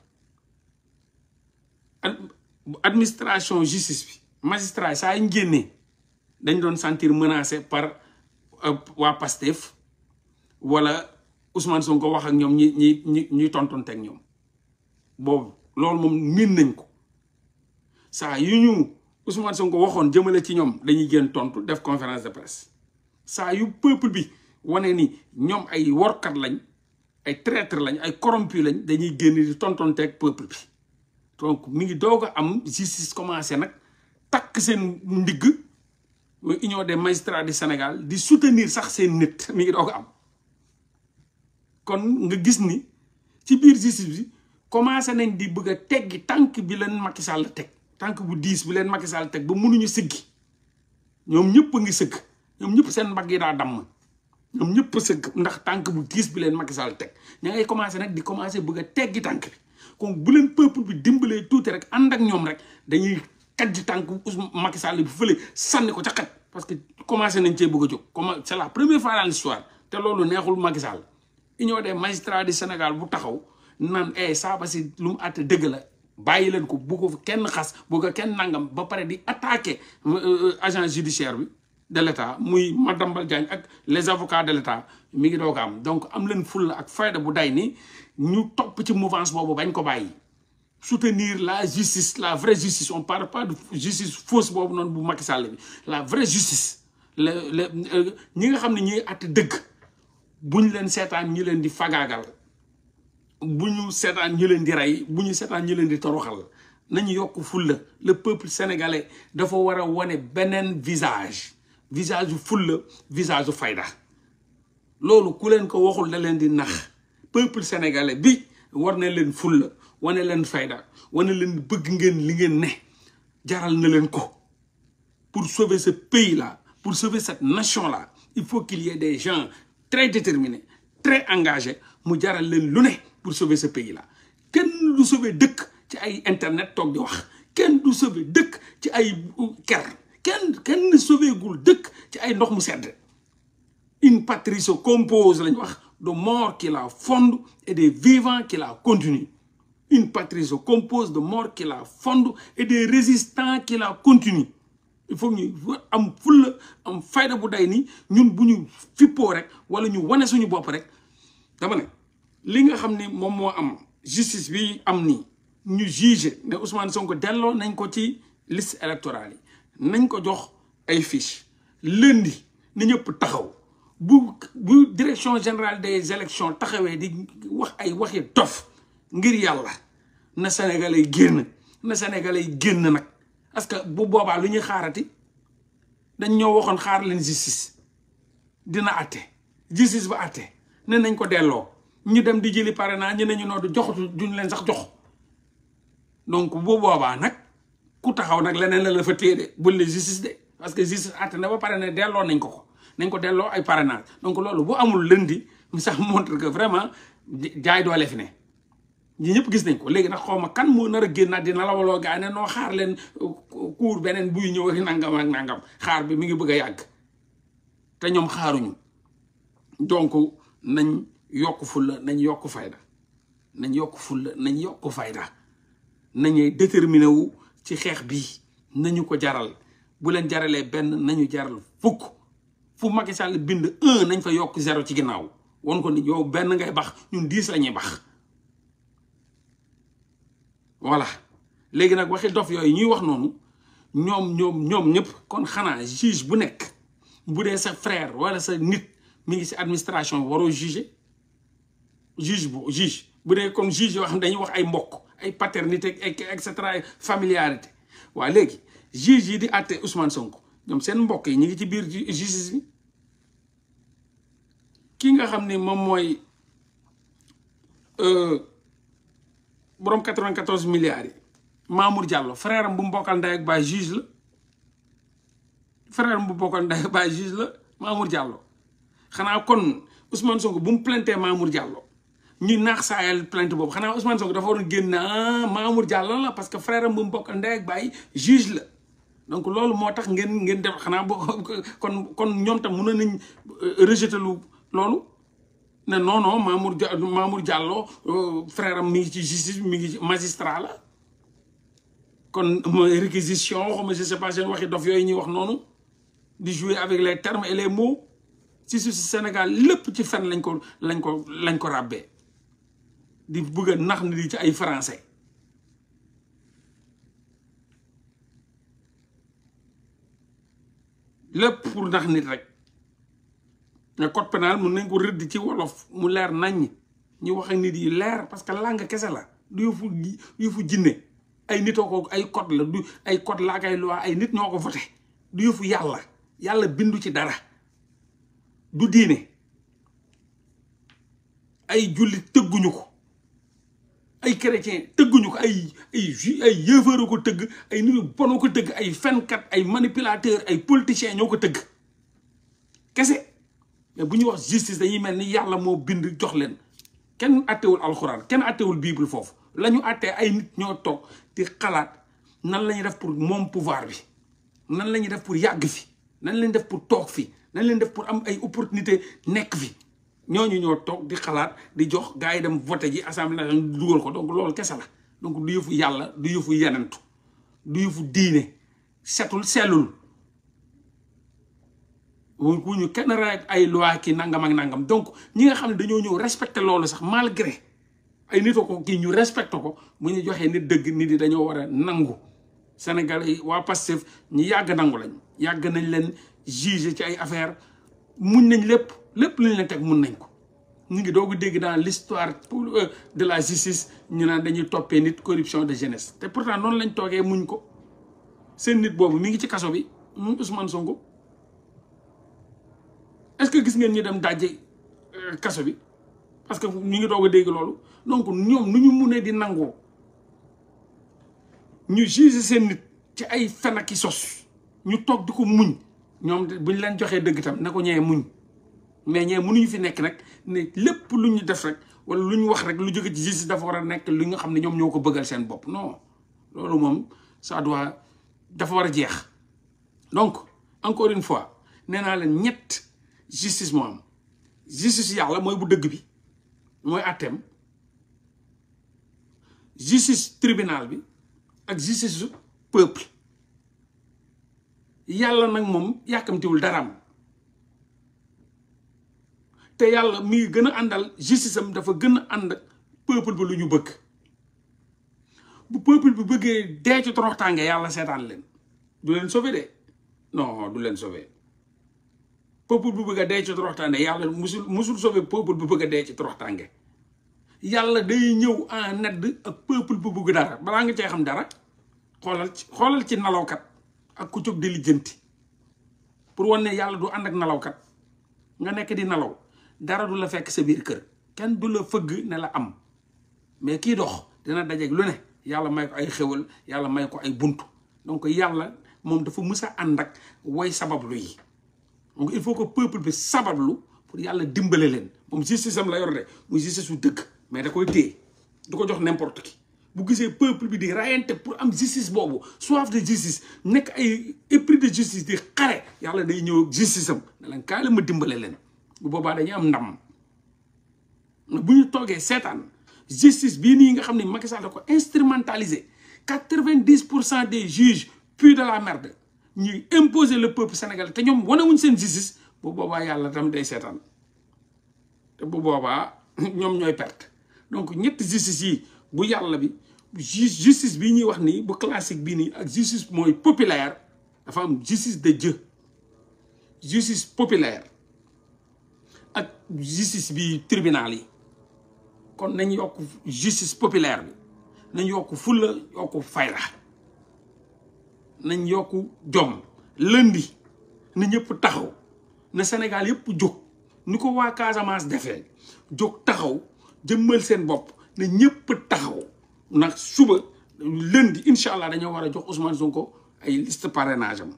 administration justice bi magistrat saa yi ñu génnee dañ doon sentir menacé par euh, waa Pastef wala Ousmane Sonko wax ak ñoom ñi ñi ñi ñuy tontonte ak ñoom boobu loolu moom miin nañ ko saa yu ñu Ousmane ko waxoon jëmale ci ñoom dañuy génn tontu def conférence de presse saa yu peuple bi wane ni ñoom ay workat lañ ay traître lañ ay corrompu lañ dañuy génn di tontonteeg peuple bi donc mi ngi doog a am justice commencé nag takk seen ndigg muy union des magistrats du Sénégal di soutenir sax seen nit mi ngi doog am kon nga gis ni ci biir justice bi commencé nañ di bëgg a teggi tànk bi leen Macky Sall teg tànk bu diis bi leen Macky Sall teg ba mënuñu siggi ñoom ñëpp ngi sëgg ñoom ñëpp seen mbagg yi daa damm ñoom ñëpp sëgg ndax tànk bu tiis bi leen Macky Sall teg ña ngay commencé nag di commencé bëgg a teggi tànk bi kon bu leen peuple bi dimbalee tuuti rek ànd ak ñoom rek dañuy kàjji tànk Macky Sall bu fële sànni ko ca xaj parce que commencé nañ cee bëgg a jóg comme c'est la première fois dans l'histoire te loolu neexul Macky Sall union des magistrats di Sénégal bu taxaw naan eh saaba si lu mu àtte dëgg la bàyyi leen ko bu ko kenn xas bu ko kenn nangam ba pare di attaquer euh, euh, agent judiciaire bi de l' muy Madambal Diagne ak les avocats de l' état mi ngi ko am donc am leen fulla ak fayda bu day ni ñu topp ci mouvance boobu bañ ko bàyyi soutenir la justice la vraie justice on parle pas de justice fausse boobu noonu bu Macky Sall bi la vraie justice la la euh, ñi nga xam ne ñuy àtte dëgg bu ñu leen seetaan ñu leen di fagaagal bu ñu seetaan ñu leen di rey bu ñu seetaan ñu leen di toroxal nañu yokk fulla le peuple sénégalais dafa war a wane beneen visage visage yu fulla visage yu fayda loolu ku leen ko waxul da leen di nax peuple sénégalais bi war na leen fulla wane leen fayda wane leen bëgg ngeen li ngeen ne jaral na leen ko pour sauver sa pays la pour sauver cette nation la il faut qu'il y des gens très déterminés très engagé mu jaral leen lu ne pour sauver sa pays la kenn du sauver dëkk ci ay internet toog di wax kenn du sauver dëkk ci ay ker kenn kenn sauveegul dëkk ci ay ndox mu sedd une patrie se compose lañ wax de morts qui la fondent et kila vivants une patrie se compose de morts kila fond fondent et des résistants qui la continuent il faut ñu am fulla am fayda bu day nii ñun bu ñu fippoo rek wala ñu wane suñu bopp rek dama ne li nga xam ne moom moo am justice bi am nii ñu juge ne Ousmane Sonko delloo nañ ko ci liste électorale yi nañ ko jox ay fiche lundi na ñëpp taxaw bu bu direction général des élections taxawee di wax ay waxi dof ngir yàlla na sénégalais génn na sénégalais génn nag parce que bu boobaa lu ñuy xaarati dañ ñoo waxoon xaar leen justice dina àtte justice ba àtte ne nañ ko delloo ñu dem di jëli parrainage ñu ne ñu noo du joxatu duñ leen sax jox donc bu boobaa nag. ku taxaw nag leneen la la fa téye de bul ne justice de parce que justice àtte na ba pare ne delloo nañ ko ko nañ ko delloo ay parrainage donc loolu boo amul lëndi mu sax montre que vraiment jaay doole fi ne ñi ñëpp gis nañ ko léegi ndax xaw ma kan moo nar a génnaat di na waloo gaa ne noo xaar leen euh, kuur beneen buy ñëw ak nangam ak nangam xaar bi mu ngi bëgg a yàgg te ñoom xaaruñu donc nañ yokk fulla nañ yokk fayda nañ yokk fulla nañ yokk fayda nañuy déterminé wu ci xeex bi nañu ko jaral bu leen jaralee benn nañu jaral fukk fu Macky Sall bind nañ fa yokk zéro ci ginnaaw won ko ni benn ngay bax ñun dix la voilà léegi nag waxi dof yooyu ñuy wax noonu ñoom ñoom ñoom ñëpp kon xanaa juge bu nekk bu dee sa frère wala sa nit mi ngi si administration waroo juger juge bu juge bu dee comme juge yoo xam dañuy wax ay mbokk ay paternité et cetera familiarité waa léegi juge yi di àtte Ousmane Sonko ñoom seen mbokk yi ñu ngi ci biir justice bi ki nga xam ni moom mooy euh, borom 94 milliards yi Mamour Diallo frère am bu mu bokkal ndey ak baay la frère am bu mu bokkal ndey ak baay juge la Mamour Diallo xanaa kon Ousmane Sonko bu mu plaintee Mamour Diallo. ñuy naax saayal plainte boobu xanaa Ousmane Sonko dafa waroon génn ah Mamour Diallo la parce que frère am bu mu bokk ndey ak bàyyi juge la donc loolu moo tax ngeen ngeen def xanaa bo kon kon ñoom tam mënoon nañ euh, rejeter lu loolu ne non non Mamour Mamour Diallo euh, frère am mi ngi ci justice mi ngi ci magistrat la kon réquisition xawma je sais pas seen yooyu ñuy wax noonu di jouer avec les les mots si su si Sénégal lépp ci fen lañ ko lañ ko lañ ko ràbbee di bëgg nax ni di ci ay français lépp pour nax nit rek mais code pénal mun nañ ko rëdd ci wolof mu leer naññ ñu wax ak nit yi leer parce que langue kese la du yëfu yëfu jinne ay nitoo ko ay code la du ay code la ak ay loi ay nit ñoo ko voté du yëfu yàlla yàlla bindu ci dara du diine ay jullit tëgguñu ko ay chrétien tëgguñu ko ay ay ju ay yëfëru ko tëgg ay nit bonoo ko tëgg ay fenkat ay manipulateur ay politicien ñoo ko tëgg kese bu ñuy wax justice dañuy mel ni yàlla moo bind jox leen kenn attewul alxuraan kenn attewul bible foofu la ñu attee ay nit ñoo toog ti xalaat nan la def pour moom pouvoir bi nan la ñuy def pour yàgg fi nan leen def pour toog fi nan leen def pour am ay opportunité nekk fi ñooñu ñoo toog di xalaat di jox gars yi dem voté ji assemblée nationale dugal ko donc loolu kese la donc du yëfu yàlla du yëfu yenentu du yëfu diine setul sellul ku ñu kenn ra ay loi ki nangam ak nangam donc ñi nga xam ne dañoo ñëw respecté loolu sax malgré ay nit ko kii ñu respecté ko mu ñu joxee nit dëgg nit yi dañoo war a nangu Sénégal yi waa Pastef ñu yàgg nangu lañ yàgg nañ leen juger ci ay affaire muñ nañ lépp lépp lu ñu leen teg mun nañ ko ñu ngi doog a dégg dans l'histoire euh, de la justice ñu naan dañuy toppee nit corruption de jeunesse te pourtant noonu lañ toogee muñ ko seen nit boobu mu ngi ci kaso bi Ousmane Sonko est-ce que gis ngeen ñu dem daje euh, kaso bi parce que ñu ngi doog a dégg loolu donc ñoom nu ñu munee di nangoo ñu juger seen nit ci ay fen ak sos ñu toog di ko muñ ñoom buñ leen joxee dëgg tam na ko ñëwee muñ mais ñee mënuñu fi nekk nag ne lépp lu ñu def rek wala lu ñu wax rek lu jóge ci justice dafa war a nekk li nga xam ne ñoom ñoo ko bëggal seen bopp non loolu moom ça doit dafa war a jeex donc encore une fois nee naa leen ñett justice moo am justice yàlla mooy bu dëgg bi mooy àtteem justice tribunal bi ak justice peuple yàlla nag moom yàkkamtiwul am te yàlla muy gën a àndal justice dafa gën a ànd ak peuple lu ñu bëgg bu peuple bi bëggee dee ci toroxtaange yàlla seetaan leen du leen sauver de non du leen sauver peuple bu bëgg a dee ci toroxtaange yàlla musul musul sauver peuple bu bëgg a dee ci toroxtaange yàlla day ñëw en aide ak peuple bu bëgg dara balaa nga cee xam dara xoolal ci nelawkat ci nalawkat ak ku jóg di lijjanti pour wan ne yàlla du ànd ak nelawkat nga nekk di nelaw dara du la fekk sa biir kër kenn du la fëgg ne la am mais kii dox dina dajeeg lu ne yàlla may ko ay xéwal yàlla may ko ay bunt donc yàlla moom dafa musa a ànd ak way sabablu yi donc il faut que peuple bi sabablu pour yàlla dimbale leen moom justice am la yor de muy justice su dëkk mais da koy téye du ko jox n'importe qui bu gisee peuple bi di rayante pour am justice boobu soif de justice nekk ay épris de justice di xare yàlla day ñëw justice am ne leen ma dimbale leen bu boobaa dañuy am ndam bu ñu toogee seetaan justice bii nii nga xam ne Macky Sall da ko instrumentalisé quatre-vingt-dix pour cent des juges puis de la merde ñuy imposer le peuple sénégal te ñoom wanewuñ seen justice bu boobaa yàlla tam day seetaan te bu boobaa ñoom ñooy perte donc ñetti justice yi bu yàlla bi justice bii ñuy wax nii bu classique bii nii ak justice mooy populaire dafa am justice de Dieu justice populaire ak justice bi tribunal yi kon nañ yokk justice populaire bi nañ yokk fulla yokk fayra nañ yokk jom lëndi na ñëpp taxaw na Sénégal yëpp jóg ni ko waa Casamance defee jóg taxaw jëmmal seen bopp na ñëpp taxaw ndax suba lëndi incha allah dañoo war a jox Ousmane ko ay liste parrainage am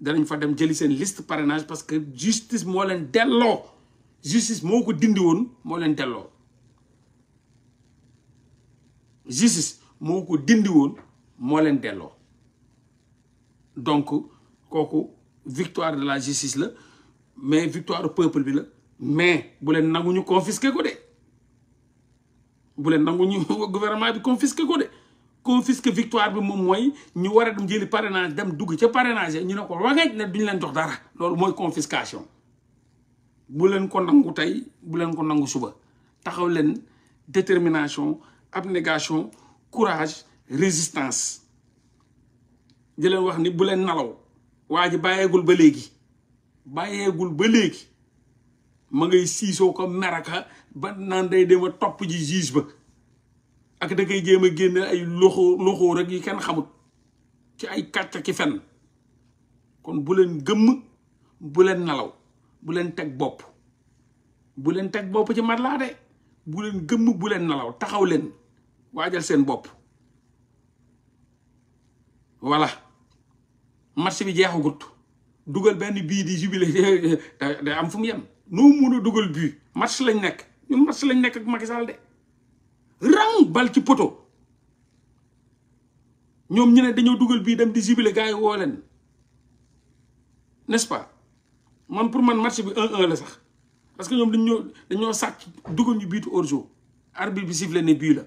danañ fa dem jëli seen list parrainage parce que justice moo leen delloo justice moo ko dindi woon moo leen delloo justice moo ko dindi woon moo leen delloo donc kooku victoire de la justice la mais victoire peuple bi la mais bu leen nangu ñu confisquer ko de bu leen nangu ñu gouvernement bi confisquer ko de confisquer victoire bi moom mooy ñu war a dem jëli parrainage dem dugg ca parrainage ñu ne ko waxeej ne ñu leen jox dara loolu mooy confiscation bu leen ko nangu tey bu leen ko nangu suba taxaw leen détermination abnégation courage résistance di leen wax ni bu leen nalaw waa ji bàyyeegul ba léegi bàyyeegul ba léegi ma ngay siisoo ko meraka ba naan day dem a topp ji juge ba ak da koy jéem a génne ay loxo loxo rek yi kenn xamut ci ay kàcc ki fenn kon bu leen gëmm bu leen nalaw bu leen teg bopp bu leen teg bopp ci mat laa de bu leen gëmm bu leen nalaw taxaw leen waajal seen bopp voilà match bi jeexagut dugal benn bii di jubile day am fu mu yem noo mun a dugal bii match lañ nekk ñun match lañ nekk ak Macky de rang bal ci poto ñoom ñu ne dañoo dugal bii dem di jubile gars yi woo leen n'est-ce man pour man marché bi 1-1 la sax parce que ñoom dañ ñoo dañoo sàcc dugal ñu biitu hors-jeu bi sifflé ne bii la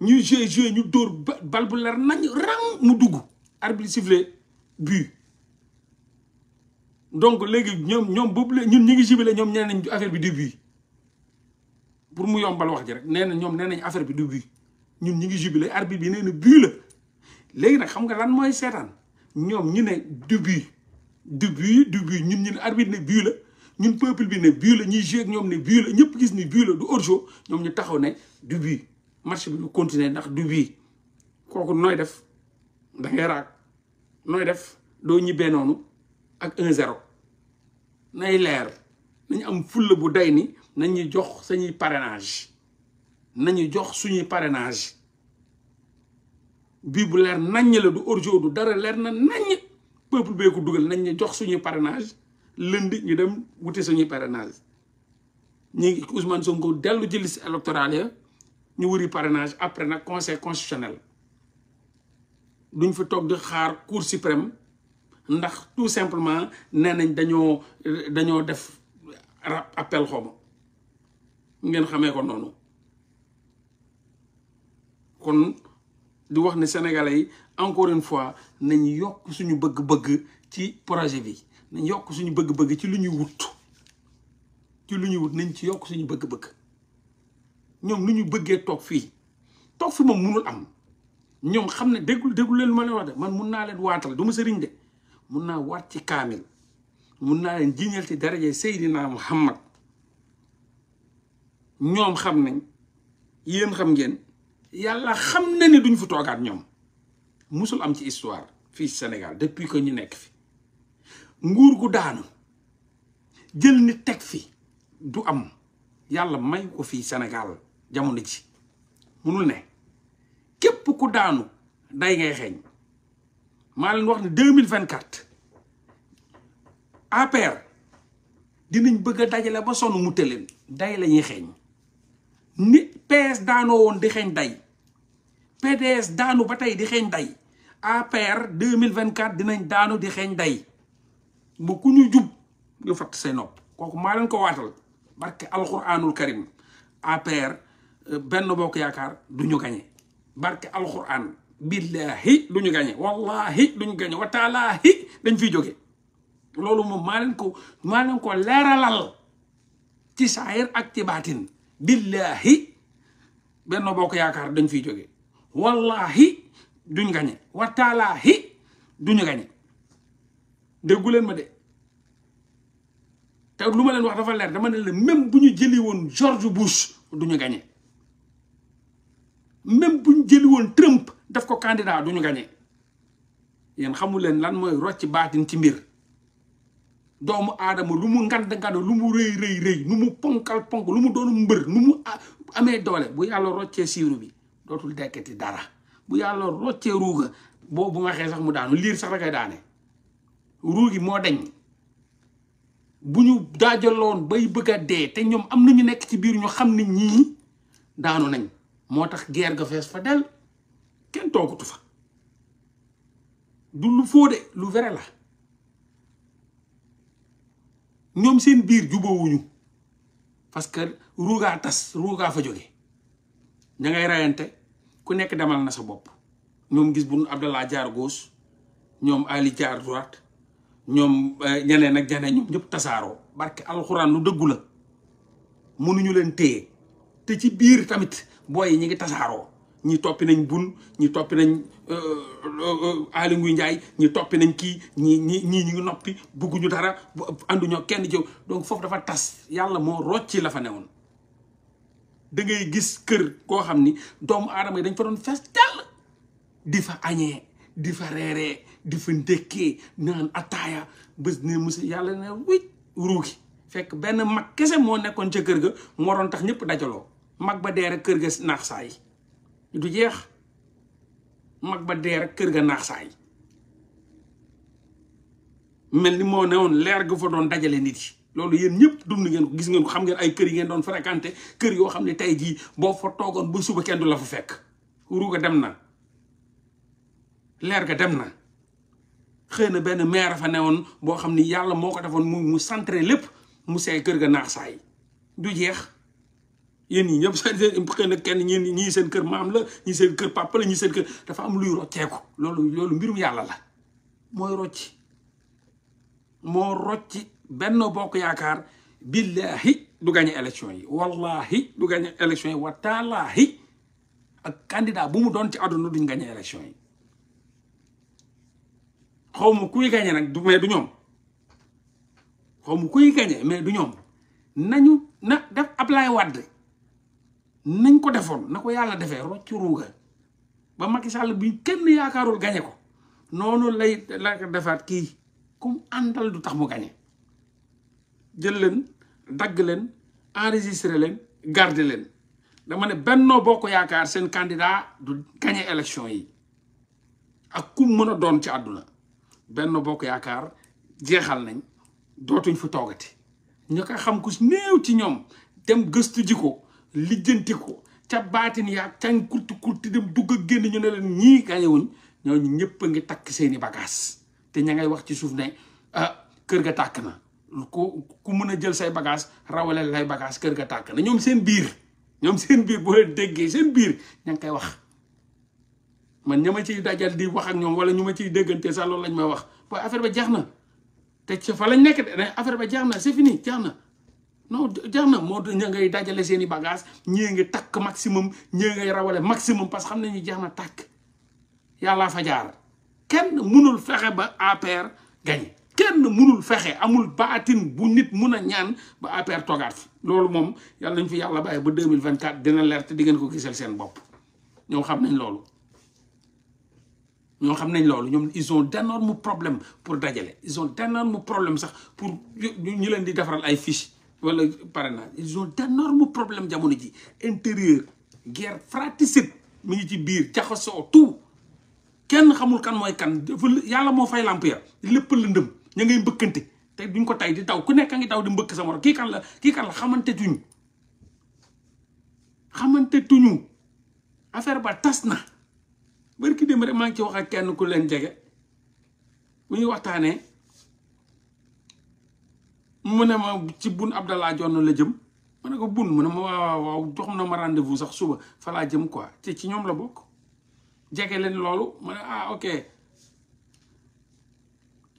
ñu joué joué ñu dóor bal bu leer nañ rang mu dugg arbitre sifflé bii donc léegi ñoom ñoom boobu la ñun ñu ngi jibale ñoom nee nañ affaire bi du pour mu wax ji rek nee na ñoom nee nañ affaire bi du bii ñun ñu ngi jubile arbitre bi nee na bii la léegi nag xam nga lan mooy seetaan ñoom ñu ne du bii du but du but ñun ñun arbitre ne but la ñun peuple bi ne but la ñuy joué ñoom ne but la ñëpp gis ni but la du hors ñoom ñu taxaw ne du but match bi du continuer ndax du but kooku nooy def da ngay raag nooy def doo ñibbee noonu ak 1-0 nay leer nañu am fulla bu day ni nañuy jox sañuy parrainage nañu jox suñuy parrainage bii bu leer naññ la du hors-jeu du dara leer na naññ peuple bee ko dugal nañ ñu jox suñu parrainage lundi ñu dem wuti suñuy parrainage ñi ngi Ousmane Sonko dellu ci liste ya ñu wuri parrainage après nag conseil constitutionnel duñ fa toog di xaar cour suprême ndax tout simplement nee nañ dañoo dañoo def appel xawma ngeen xamee ko noonu kon. di wax ne sénégalais yi encore une fois nañ yokk suñu bëgg-bëgg ci projet bi nañ yokk suñu bëgg-bëgg ci lu ñuy wut ci lu ñuy wut nañ ci yokk suñu bëgg-bëgg ñoom lu ñu bëggee toog fii toog fi moom munul am ñoom xam ne déglu déglu leen ma leen wax de man mun naa leen waatal du ma sëriñ de mun naa waat ci kaamil mun naa leen jiñal ci daraje Seydina Muhammad ñoom xam nañ yéen xam ngeen yàlla xam na ni duñ fi toogaat ñoom musul am ci histoire fii Sénégal depuis que ñu nekk fi nguur gu daanu jël ni teg fi du am yàlla may ko fii Sénégal jamono ci munul ne képp ku daanu day ngay xeeñ maa leen wax ne deux mille vingt quatre APR dinañ bëgg a dajale ba sonn mu tëleen day lañuy xeeñ ni PS daanoo woon di xeeñ day PDS daanu ba tey di xeeñ day APR 2024 dinañ daanu di xeeñ day bu ku ñu jub nga fatt say nopp kooku maa leen ko waatal barke alxuraanul karim APR euh, benn bokk yaakaar duñu ñu gañe barke alxuraan billahi du ñu gañe wallahi du ñu gañe wataalaahi dañ fiy jóge loolu moom maa leen ko maa leen ko leeralal ci saayir ak ci baatin billahi benno bokk yaakaar dañ fiy jógee wallahi duñ gañe wataalaahi duñu gañe déggu leen ma de te lu ma leen wax dafa leer dama ne leen même bu ñu jëli woon George Bush duñu gañe même bu ñu jëli woon Trump daf ko candidat duñu gañe yéen xamu leen lan mooy rocc baatin ci mbir doomu aadama lu mu ngand ngand lu mu rëy rëy rëy nu mu ponkal ponk lu mu doon mbër nu mu amee doole bu yàlla roccee siiru bi dootul dekkati dara bu yàlla roccee ruuga boo bu waxee sax mu daanu liir sax rekay daane ruugi moo deñ bu ñu daajaloon bay bëgg a dee te ñoom am ñu nekk ci biir ñu xam ne ñii daanu nañ moo tax guerre ga fees fa del kenn toogutu fa du lu fóode lu vrai la ñoom seen biir jubóowuñu parce que ruugaa tas ruugaa fa jóge ña ngay rayante ku nekk demal na sa bopp ñoom gis bu Abdallah jaar gauche ñoom Ali jaar droite ñoom eh, ñeneen ak ñeneen ñoom ñëpp tasaaroo barke alxuraan lu dëggu la mënuñu leen téye te ci biir tamit booy yi ñu ngi tasaaroo ñi toppi nañ bun ñi toppi nañ euh, euh, Aly Ngouille Ndiaye ñi toppi nañ kii ñi ñi ñii ñu ngi noppi bugguñu dara ànduñoo kenn jëw donc foofu dafa tas yàlla moo rocci la fa newoon da ngay gis kër koo xam ni doomu aadama yi dañ fa doon fees dell di fa añee di fa reeree di fa ndékkee naan ataaya bés ne monsieur yàlla ne wéj ruugi fekk benn mag kese moo nekkoon ca kër ga moo doon tax ñëpp dajaloo mag ba dee rek kër ga naax saa yi du jeex mag ba dee rek kër ga naax saay mel ni moo ne woon leer gu fa doon dajale nit yi loolu yéen ñëpp dund ngeen ko gis ngeen ko xam ngeen ay kër yi ngeen doon fréquenté kër yoo xam ne tey jii boo fa toogoon bu suba kenn du la fa fekk ruuga dem na leer ga dem na xëy na benn maire fa newoon boo xam ni yàlla moo ko defoon mu mu centre lépp mu see kër ga naax saay du jeex yéen ñi ñëpp seen seen xëy na kenn ñeen seen kër maam la ñii seen kër papa la ñii seen kër dafa am luy rocceeku loolu loolu mbirum yàlla la mooy rocci moo rocci benn bokk yaakaar billahi du gagné élection yi wallahi du gagné élection yi wa taalaahi ak candidat bu mu doon ci àdduna duñ gagné élection yi xaw ma kuy gagné nag du ñoom xaw ma kuy mais du ñoom nañu na def Ablaye nañ ko defoon na ko yàlla defee rocc ruuga ba Macky Sall bi kenn yaakaarul gañe ko noonu lay la defaat kii kum àndal du tax mu gañe jël leen dagg leen enregistré leen garder leen dama ne Benno Bokk Yaakaar seen candidat du gañe élection yi ak ku mën a doon ci àdduna Benno Bokk Yaakaar jeexal nañ dootuñ fi toogati ñu koy xam ku néew ci ñoom dem gëstu ji ko lijjanti ko ca baatin yaa cañ kurti kurti dem dugg ak génn ñu ne leen ñii gañewuñ ñooñu ñëpp a ngi takk seeni bagages te ña ngay wax ci suuf ne ah kër ga tàkk na ku ku mën a jël say bagages rawale lay bagages kër ga tàkk na ñoom seen biir ñoom seen biir boo leen déggee seen biir ña ngi koy wax man ña ma ciy dajal di wax ak ñoom wala ñu ma ciy déggante sax loolu lañ may wax waaye affaire ba jeex na te ci fa lañ nekk de affaire ba jeex na c'est fini jeex na. non jar na moo ña ngay dajale seen i bagage ñii ngi takk maximum ñii ngay rawale maximum parce que xam nañu jeex na takk yàllaa fa kenn mënul fexe ba APR gañ kenn mënul fexe amul baatin bu nit mun a ñaan ba APR toogaat fi loolu moom yàlla nañu fi yàlla bàyyi ba mille 2024 dina leer te di ngeen ko gisal seen bopp ñoo xam nañ loolu ñoo xam nañ loolu ñoom ils ont mu problème pour dajale ils ont mu problème sax pour ñu leen di defaral ay fiche wala parrainage ils ont d'énormes problème jamono ji intérieur guerre fratricide mu ngi ci biir jaxasoo tout kenn xamul kan mooy kan dafa yàlla moo fay lamp ya lépp lëndëm ña ngay mbëkkante te duñ ko tay di daw ku nekk a ngi daw di mbëkk sa morom kii kan la kii kan la xamante tuñ xamante tuñu affaire ba tas na bari dem rek maa ngi ci wax ak kenn ku leen jege bu ñuy waxtaanee. mu ne ma ci bun Abdallah Jonn la jëm ma ne ko bun mu ne ma waaw waaw jox na ma rendez-vous sax suba fa laa jëm quoi te ci ñoom la bokk jege leen loolu ma ne ah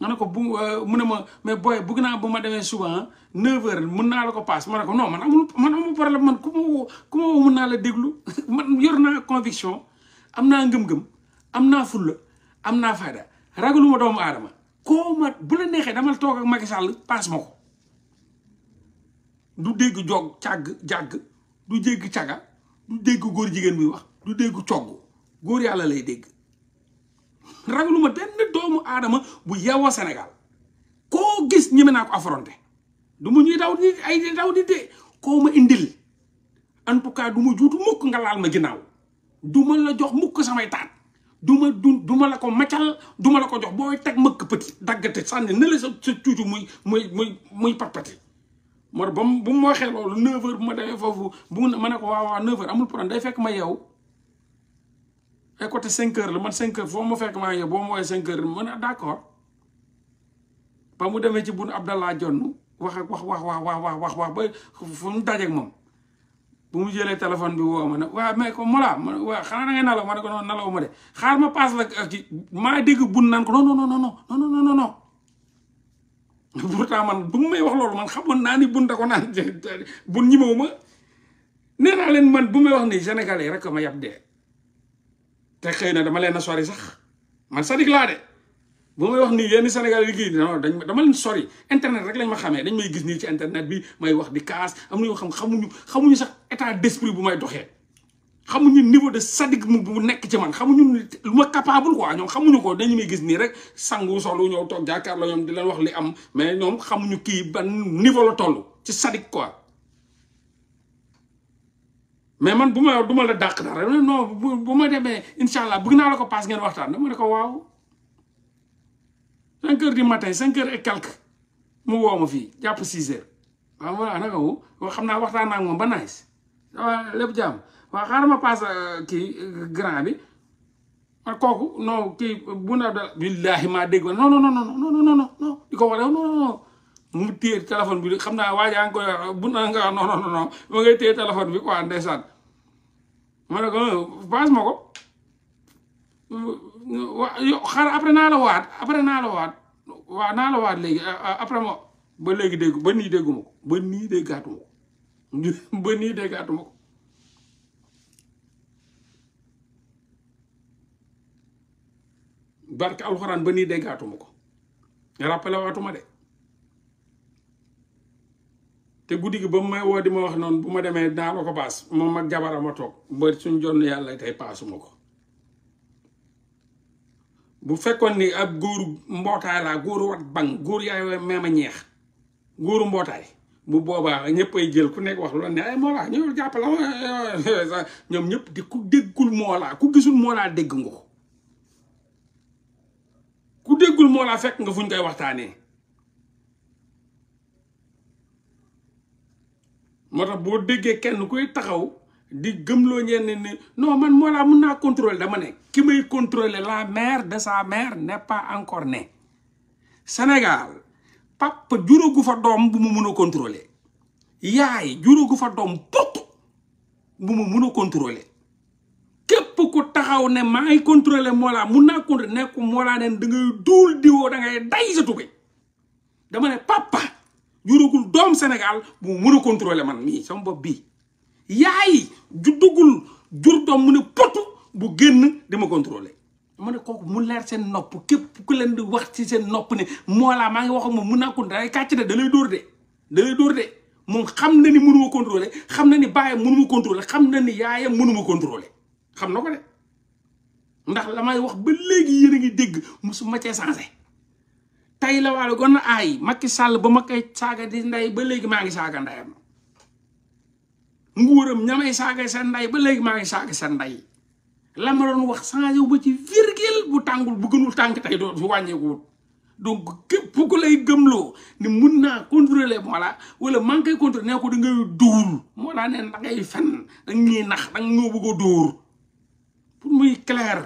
ne ko bu euh, mu ne ma mais booy bugg naa bu ma demee suba ah, neuf heures mun naa la ko paas ma ne ko non man amul man amul problème man ku ma woo ku mun naa la déglu man yor naa conviction am naa ngëm-ngëm am naa fulla am naa fayda ragalu ma doomu aadama koo ma bu la neexee damal toog ak Macky Sall paas ma ko du dégg jog càgg jàgg du dégg caga du dégg góor jigéen muy wax du dégg cogg góor yàlla lay dégg ragaluma benn doomu aadama bu yeewoo Sénégal koo gis ñeme naa ko affronté du ma ñuy daw di ay di daw di dee koo ma indil en tout cas du ma juutu mukk nga laal ma ginnaaw du ma la jox mukk samay taat du ma du du ma la ko macal du ma la ko jox booy teg mëkk pëti daggate sànni ne la sa sa cuucu muy muy muy muy parpati moo tax ba mu bu mu waxee loolu 9 bu ma demee foofu bu ma ne ko waaw waaw 9h amul day fekk ma yeewu ay côté la man 5 foo ma fekk maa yeewu boo ma woowee 5 mu demee ci bun Abdallah Jonn wax ak mu dajeeg moom bu mu jëlee téléphone bi woo ma ne waaw mais ko Mollah ma xaar ma paas la maa dégg bun naan ko non non non non non pourtant man bu may wax loolu man xamoon naa ni bun da ko naan bun ñimaw ma nee naa leen man bu may wax ni sénégalais rek ma yab de te xëy na dama leen a sori sax man sadik laa de bu may wax nii yenn sénégalais yi kii non dañ dama leen sori internet rek lañ ma xamee dañ may gis nii ci internet bi may wax di kaas am na xam xamuñu xamuñu sax état d'esprit bu may doxee xamuñu niveau de sadisme bu nekk ci man xamuñu lu ma xamuñu ko dañu may gis nii rek sangu solu ñëw toog jàkkaarloo ñoom di leen wax li am mais ñoom xamuñu kii ban niveau la toll ci sadique quoi. mais man bu ma yor du ma la dàq dara non bu ma demee incha allah bëgg naa la ko paas ngeen waxtaan dama ne ko waaw. 5 heures du matin 5 heures et mu woo ma fii jàpp 6 heures waaw ah, voilà naka xam naa waxtaan naa ak moom ba nice waaw lépp jàmm. waaw xaaral ma paas euh, kii euh, grand bi ah, kooku non kii bu na da billaahi maa dégg non non non non non non di ko wax non non mu téye téléphone bi xam naa waa jaa nga koy wax bu na nga non non non ma ngay téye téléphone bi quoi ndeysaan ma ne ko euh, paas ma ko yow xaaral après naa la waat après naa la waat waaw naa la waat léegi après ma ba léegi dégg ba nii dégguma ko ba nii déggaatuma ko ba nii déggaatuma ko barke alxuraan ba nii déggaatuma ko rappelé de te guddi gi ba mu may woo di ma wax noonu bu ma demee naa la ko paas moom ak jabaram a toog ba suñ jonn yàlla tey paasuma ko bu fekkoon ni ab góor mbootaay laa góor yaay meema ñeex góoru mbootaay bu boobaa ñëpp ay jël ku nekk wax lu ne ay moolaa ñëw jàppala ñoom ñëpp di ku déggul moolaa ku gisul moolaa dégg nga ko ku déggul moo laa fekk nga fu ñu koy waxtaanee moo tax boo déggee kenn kuy taxaw di gëmloo ñenn ni non man moo laa mun naa contrôler dama ne ki may contrôler la maire de sa mère n'est pas encore née Sénégal papa jurógu fa doom bu mu mun a contrôler yaay jurógu fa doom put bu mu mun a contrôler ku taxaw ne maay contrôler Mollah mun naa contrôler nekk Mollah ne da ngay duul diwoo da ngay day sa tubéy dama ne papa jurugul doom Sénégal bu mun a man mii bopp bii yaay ju duggul jur doom mu ne potu bu génn di ma contrôler dama ne kooku mu leer seen nopp képp ku leen di wax ci seen nopp ne Mollah maa ngi wax moom mun naa contrôler ay kàcc de da lay dóor de da lay dóor de moom xam na ni mënuma contrôler xam na ni baayam mu contrôler xam na ni yaayam mënuma contrôler xam na ko de ndax la may wax ba léegi yéen a ngi dégg musuma cee changé tey la waale gon na aay Sall ba ma koy saaga di ndey ba léegi maa ngi saaga ndeyam nguuram ñamay saaga seen ndey ba léegi maa ngi saaga seen ndey la ma doon wax changé wu ba ci bu tàngul bu gënul tànk tey doo fi wàññeekuwut donc képp ku lay gëmloo ni mun naa contrôler voilà wala maa ngi koy ko da ngay dóor moo daa ne da ngay fen da ñuy nax da nga ñoo pour muy clair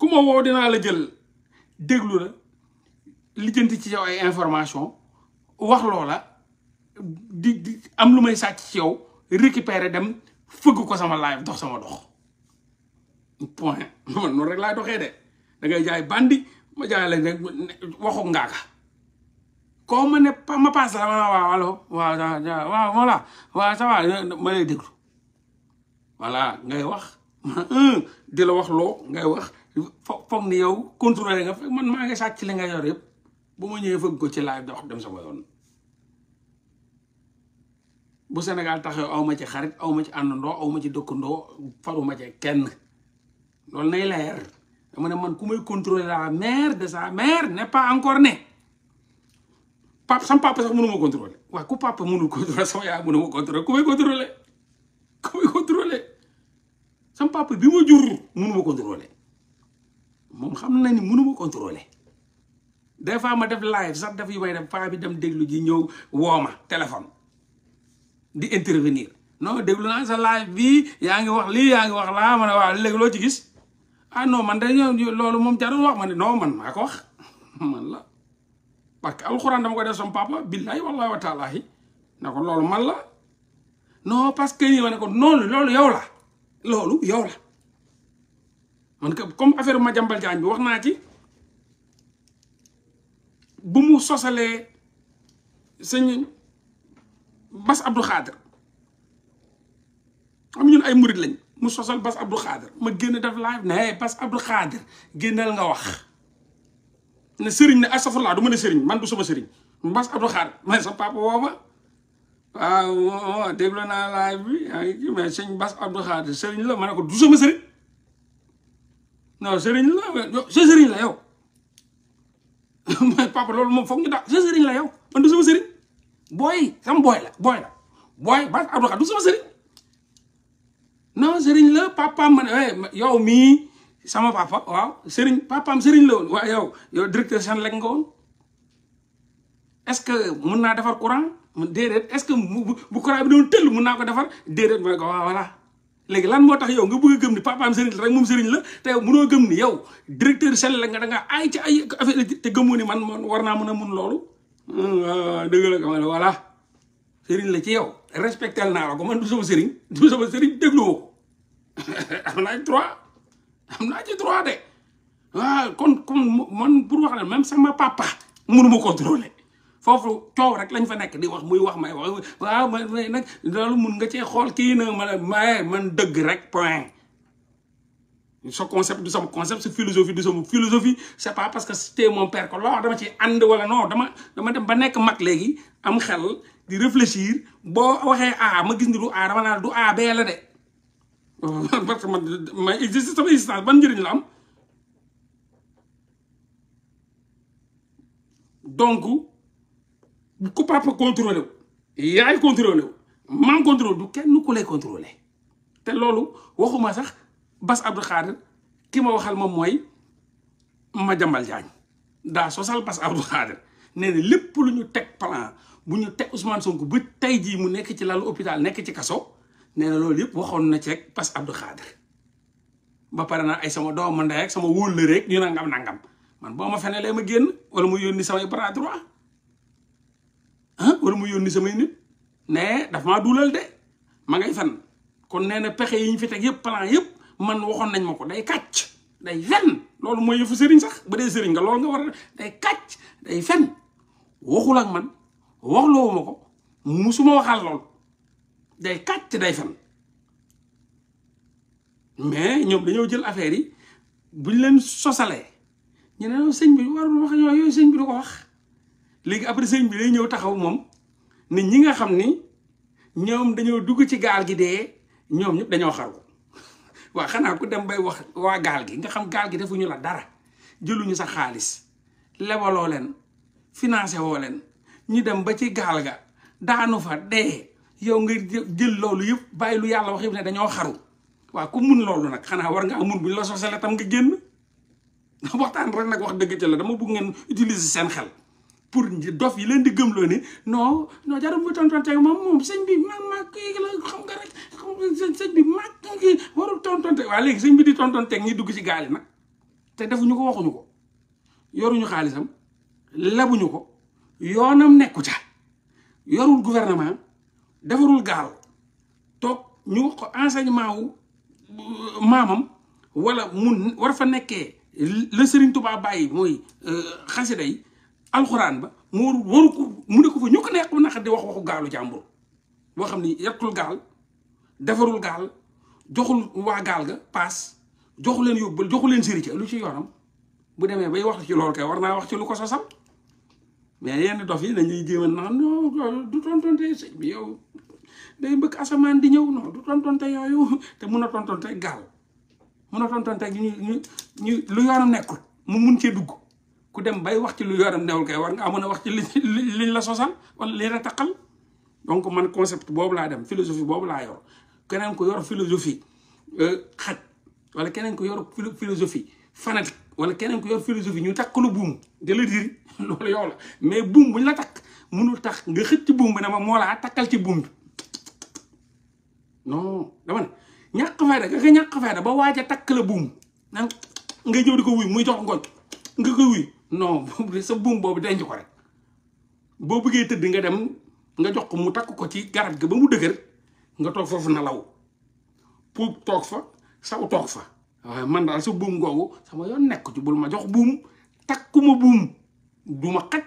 ku ma woo dinaa la jël déglu la lijjanti ci yow ay information wax loola di di am lu may sàcc ci yow récupérer dem fëgg ko sama live dox sama dox point noonu rek laay doxee de da jaay bandi ma jaay la rek waxu ngaaka koo ma ne ma paas la waaw allo waaw waaw voilà ma lay déglu voilà ngay wax di la wax loo ngay wax foog ni yow contrôler nga fa man maa ngi sàcc li nga yor yëpp bu ma ñëwee fëgg ko ci live dox dem sama yoon bu Sénégal taxaw aw ma ci xarit aw ma ci àndandoo aw ma ci dëkkandoo faru ma ci kenn loolu nay leer dama ne man ku may contrôler la mère de sa mère n'est encore née papa sama papa sax mënu ma contrôler waaw ku papa mënul contrôler ku may contrôler ku may papa bi mu jur mënu ma moom xam na ni mënu ma contrôler des fois ma def live sax def yu may def paa bi dem déglu ji ñëw woo ma di intervenir non déglu naa sa live bi yaa ngi wax li yaa ngi wax laa ma ne waaw léegi loo ci gis ah non man dañoo loolu moom jarul wax ma ne non man maa la. parce que alxuraan dama koy def sama papa billahi wallahi wa na ko loolu man la non parce que nii ma ne ko noonu loolu yow la loolu yow la man comme affaire ma jàmbal jaañ bi wax naa ci bu mu sosalee sëñ Bas Abdou Khader am ñun ay murit lañ mu sosal Bas Abdou Khader ma génn def live ne Bas Abdou Khader génnal nga wax ne sëriñ ne astafurlaa du ma ne sëriñ man du sama sëriñ man sa papa woo ma waaw déglu naa laaj bi la yow papa loolu moom foog ñu daal sa sëriñ la yow man du sama sëriñ booy sam booy la booy la booy Mbass Abdou Khadre du sama sëriñ non la papa man eh, yow mii. sama papa waaw sëriñ papaam sëriñ la woon waa yow yow directeur Senelec nga woon est-ce que mun naa defar courant mun déedéet est-ce que bu courant bi doon tëll mun naa ko defar déedéet mooy ko waaw léegi lan moo tax yow nga bëgg a gëm ni papaam rek moom sëriñ la te yow munoo gëm ni yow directeur Senelec nga da ay ci ay affaire te gëmoo ni man man war naa mën a mun loolu hmm, dëgg la ko voilà sëriñ la ci yow respectel naa la ko man du sama sëriñ du sama sëriñ dégluwoo ko am am naa ci droit de waaw ah, kon kon man pour wax la même sama papa mënu ma contrôler foofu coow rek lañ fa nekk di wax muy wax ma may wax waaw ah, man nag mun nga cee xool kii ma ma man dëgg rek point sa concept du sama concept sa philosophie du parce que c'était mon père que loolu dama ci ànd wala non dama dama dem ba nekk mag léegi am xel di réfléchir boo waxee a ma gis ni du a dama naa du a bee la de parce que ma existe sama existence ban njëriñ la am donc ku papa contrôlé wu yaay contrôlé wu man contrôlé du kenn ku lay contrôlé te loolu waxuma sax Bass Abdou Khadre ki ma waxal moom mooy jambal Diagne daa sosal Bass Abdou Khadre nee na lépp lu ñu teg plan bu ñu teg Ousmane Sonko ba tey jii mu nekk ci lalu hôpital nekk ci kaso nee na loolu yëpp waxoon na ci rek parce que Abdou Khadir ba pare na ay sama doomu ndey ak sama wóol la rek ñu nangam nangam man boo ma fenee lee ma génn wala mu yónni samay bras droit ah wala mu yónni samay nit ne daf maa duulal de ma ngay fen kon nee na pexe yi ñu fi teg yëpp plan yëpp man waxoon nañ ma ko day kàcc day fen loolu mooy yëfu sëriñ sax ba dee sëriñ nga loolu nga war a kàcc day fen waxul ak man waxloowu ma ko musuma waxal lool day kàcc day fen mais ñoom dañoo jël affaire yi buñ leen sosalee ñu ne sëñ bi warul wax yooyu sëñ bi du ko wax léegi après sëñ bi day ñëw taxaw moom ne ñi nga xam ni ñoom dañoo dugg ci gaal gi dee ñoom ñëpp dañoo xaru waa xanaa ku dem bay wax waa gaal gi nga xam gaal gi defuñu la dara jëluñu sa xaalis lebaloo leen financé woo leen ñu dem ba ci gaal ga daanu fa dee yow nga jël loolu yëpp bàyyi lu yàlla wax yëpp ne dañoo xaru waa ku mun loolu nag xanaa war nga amun bu ñu la sosale tam nga génn waxtaan rek nag wax dëgg ca la dama bëgg ngeen utiliser seen xel pour dof yi leen di gëmloo ne non non jarul muy tontonte moom moom sëñ bi mag xam nga rek sëñ bi mag kii warul tontonte waaye léegi sëñ bi di tontonteeg ñi dugg ci gaali nag te defuñu ko waxuñu ko yoruñu xaalisam labuñu ko yoonam nekku ca yorul gouvernement defarul gaal toog ñu wax ko enseignement wu euh, maamam wala mun war a fa nekkee la Serigne Touba bàyyi mooy euh, xasida yi alxuraan ba mu waru waru ko mu ne ko fa ñu ko nekk naka di wax waxu gaalu jàmbur boo xam ni yettul gaal defarul gaal joxul waa gaal ga paas joxu leen yóbbal joxu leen sëri ca lu ci yoonam bu demee bay wax ci loolu kay war naa wax ci lu ko sosal mais yenn dof yi dañuy jéem a naan non du tontonte sëñ bi yow day mbëkk asamaan di ñëw non du tontonte yooyu te mun a tontonte gaal mun a tontonte ñu ñu ñu lu yoonam nekkul mu mun cee dugg ku dem bay wax ci lu yoonam newul kay war nga amoon a wax ci li li la sosal wala li la taqal donc man concept boobu laa dem philosophie boobu laa yor keneen ko yor philosophie euh, xaj wala keneen ku yor philosophie fanatique wala keneen ku yor philosophie ñu takk lu buum jëla diri loolu yow la mais buum bu ñu la takk munul tax nga xëcc buum bi na ma moo laa takkal ci buum bi non dama ne ñàkk fayda nga ñàkk fayda ba waaj a takk la buum nga jëw di ko wuy muy jox ngooñ nga ko wuy sa buum boobu denc ko rek boo bëggee tëdd nga dem nga jox ko mu takk ko ci garab gi ba mu dëgër nga toog foofu na law puub toog fa saw toog fa waaye man daal sa buum googu sama yoon nekk ci bul ma jox buum takkuma buum du ma xaj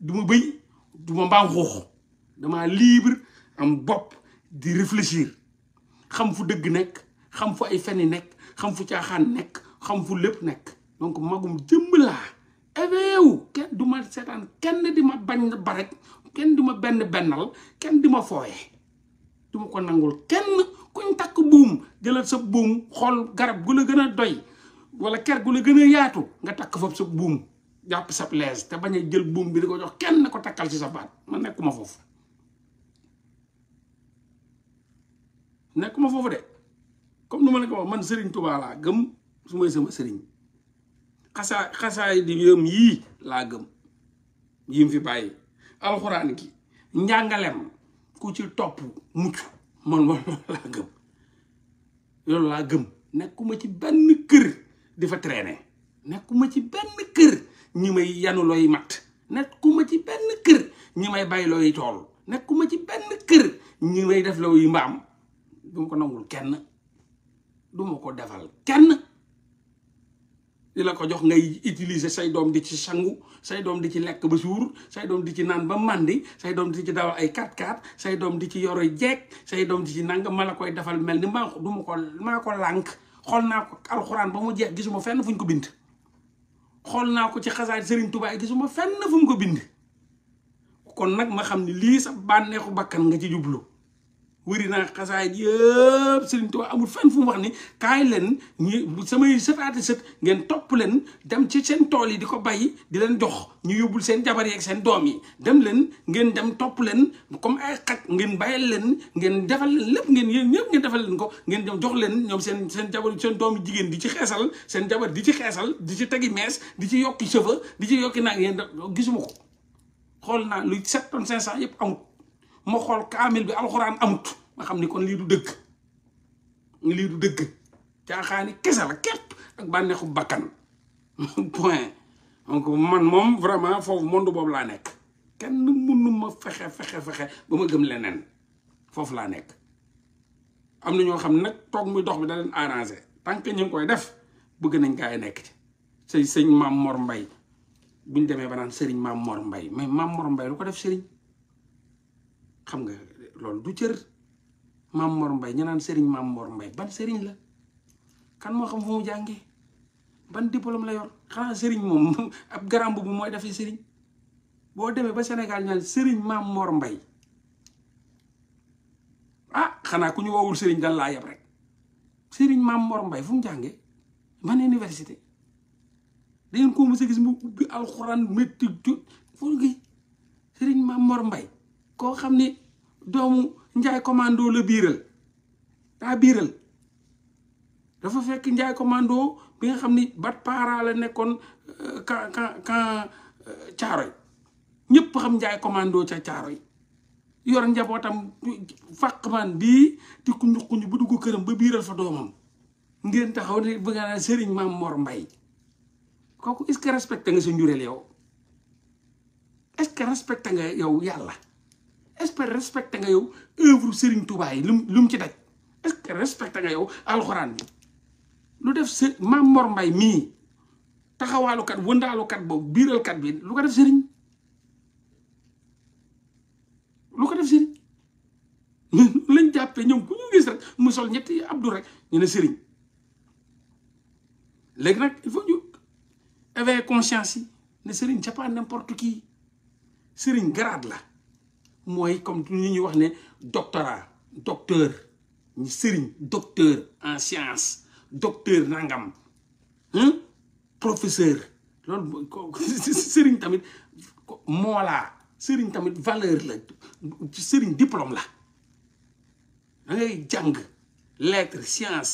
du ma bëy duma ma mbaam xuux dama libre am bopp di réfléchir xam fu dëgg nekk xam fu ay feni nekk xam fu caaxaan nekk xam fu lépp nekk donc magum jëmm laa éveewu kenn du ma seetaan kenn di ma bañ barek kenn di ma benn bennal kenn di ma fooye du ko nangul kenn kuñ takk buum jëlal sa buum xool garab gu la gën a doy wala ker gu la gën a yaatu nga takk foofu sa buum jàpp sa lees te bañ jël buum bi di ko jox kenn ko takkal ci sa baat ma nekkuma foofu nekkuma foofu de comme nu ma la man sëriñ Tuubaa laa gëm su mooy sama sëriñ xasaa xasaay di yëm yii laa gëm yi mu fi bàyyi alxuraan gi njàngalem ku ci topp mucc man man laa gëm loolu laa gëm nekkuma ci benn kër di fa traîner nekkuma ci benn kër ñi may yanu looy matt nekkuma ci benn kër ñi may bay looy tool ma ci benn kër ñi may def looy mbaam du ma ko nangul kenn du ma ko defal kenn li la ko jox ngay utiliser say doom di ci sangu say doom di ci lekk ba suur say doom di ci naan ba màndi say doom di ci dawal ay 4x4 say doom di ci yoro jeeg say doom di ci nangam ma la koy defal mel ni maa du ma ko maa ko lànk xool naa ko alxuraan ba mu jeex gisuma fenn fu ñu ko bind xool naa ko ci xasaay Serigne Touba gisuma fenn fu mu ko bind kon nag ma xam ne lii sa bànneexu bakkan nga ci jublu wëri naa xasaayit yëpp Serigne Touba amul fenn fu mu wax ni kaay leen ñu samay sëtaati sët ngeen topp leen dem ci seen tool yi di ko bàyyi di leen jox ñu yóbbul seen jabar yeeg seen doom yi dem leen ngeen dem topp leen comme ay xaj ngeen bàyyi leen ngeen defal leen lépp ngeen yéen ñëpp ngeen defal leen ko ngeen dem jox leen seen seen jabar seen doomi jigéen di ci xeesal seen jabar di ci xeesal di ci tegi mees di ci yokki cheveux di ci yokki naag yéen gisuma ko xool naa lu sept tonnes cinq cent yëpp amut ma xool kaamil bi alxuraan amut ma xam ni kon lii du dëgg lii du dëgg caaxaani kese la képp ak bànneexu bakkan point donc man moom vraiment foofu monde boobu laa nekk kenn mënu ma fexe fexe fexe ba ma gëm leneen foofu laa nekk am na ñoo xam ne nag toog muy dox bi da leen arrangé tant que koy def bëgg nañ gaa yi nekk ci sëñ sëñ maam Mor Mbay buñ demee ba naan sëriñ maam Mor Mbay mais maam Mor Mbay lu ko def sëriñ xam nga loolu du cër Maam Mor Mbay ñu naan Serigne Mbay ban Serigne la kan moo xam fu mu jàngee ban diplôme la yor xanaa Serigne moom ab garam bu mooy dafay Serigne boo demee ba Sénégal ñu naan Serigne Maam Mor Mbay ah xanaa ku ñu woowul Serigne dan laa yab rek sëriñ Maam Mor Mbay fu mu jàngee ban université da ngeen ko mos a mu ubbi alxuraan métti jot foo gi Serigne Maam Mor koo xam ne doomu. njaay commando la biiral daa biiral dafa fekk njaay commando bi nga xam ni bat para la nekkoon ka ka ka caaroy ñëpp xam njaay commando ca caaro yi yor njabootam fàqman bii di kuñu kuñu bu dugg këram ba biiral fa doomam ngeen taxaw ne bëgg naa sëriñ maam Mbay kooku est-ce que respecté nga sa njureel yow est que respecté nga yow yàlla est-ce nga yow œuvre Serigne Touba yi ci daj est-ce yow alxuraan bi lu def së Maam Mor Mbay mii taxawaalukat wëndaalukat boobu biiralkat bi lu ko def Serigne lu ko def Serigne lañ jàppee ñoom ku ñu gis rek mu sol ñetti Abdou rek ñu ne sëriñ léegi nag il faut ñu éveiller conscience yi ne Serigne c'est pas n'importe qui Serigne la. mooy comme ni ñuy wax ne doctorat docteur sëriñ docteur en science docteur nangam professeur loolu tamit moolaa sëriñ tamit valeur la sëriñ diplôme la da ngay jàng lettre science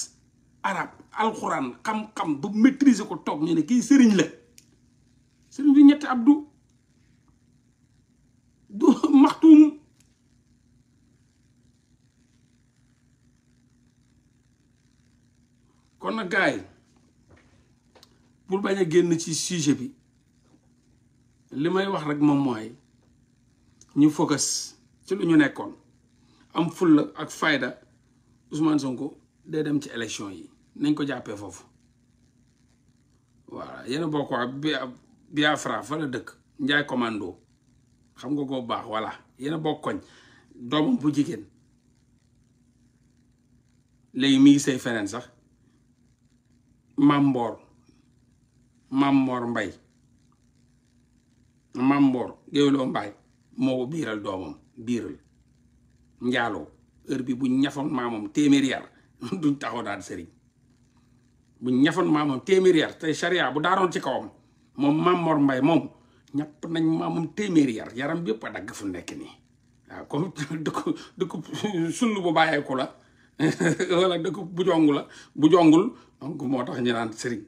arab alxuraan xam-xam ba maîtriser ko toog ñu ne kii sëriñ la sëriñ bi ñetti abdu du max kon nag gars yi pour bañ a génn ci sujet bi li may wax rek moom mooy ñu focus ci lu ñu nekkoon am fulla ak fayda Ousmane Sonko day dem ci élection yi nañ ko jàppee foofu voilà yéen boo ko Biafra fa la dëkk Njaay commando xam nga ko baax voilà yéen boo koñ doomam bu jigéen léegi mi ngi say feneen sax Mamboor Mamboor Mbay Mamboor géwéloo mbaay moo biiral doomam biiral njaaloo heure bi bu ñafoon maamam téeméeri yar duñ taxaw daal sëriñ bu ñafoon maamam téeméeri yar tey charia bu daaroon ci kawam moom Mamboor Mbay moom ñàpp nañ maamam téeméeri yar yaram bi yëpp a dagg fu nekk nii waaw dëkk dëkk sunu bu bàyyeeku la wala dëkk bu la bu jongul donc moo tax ñu naan sëriñ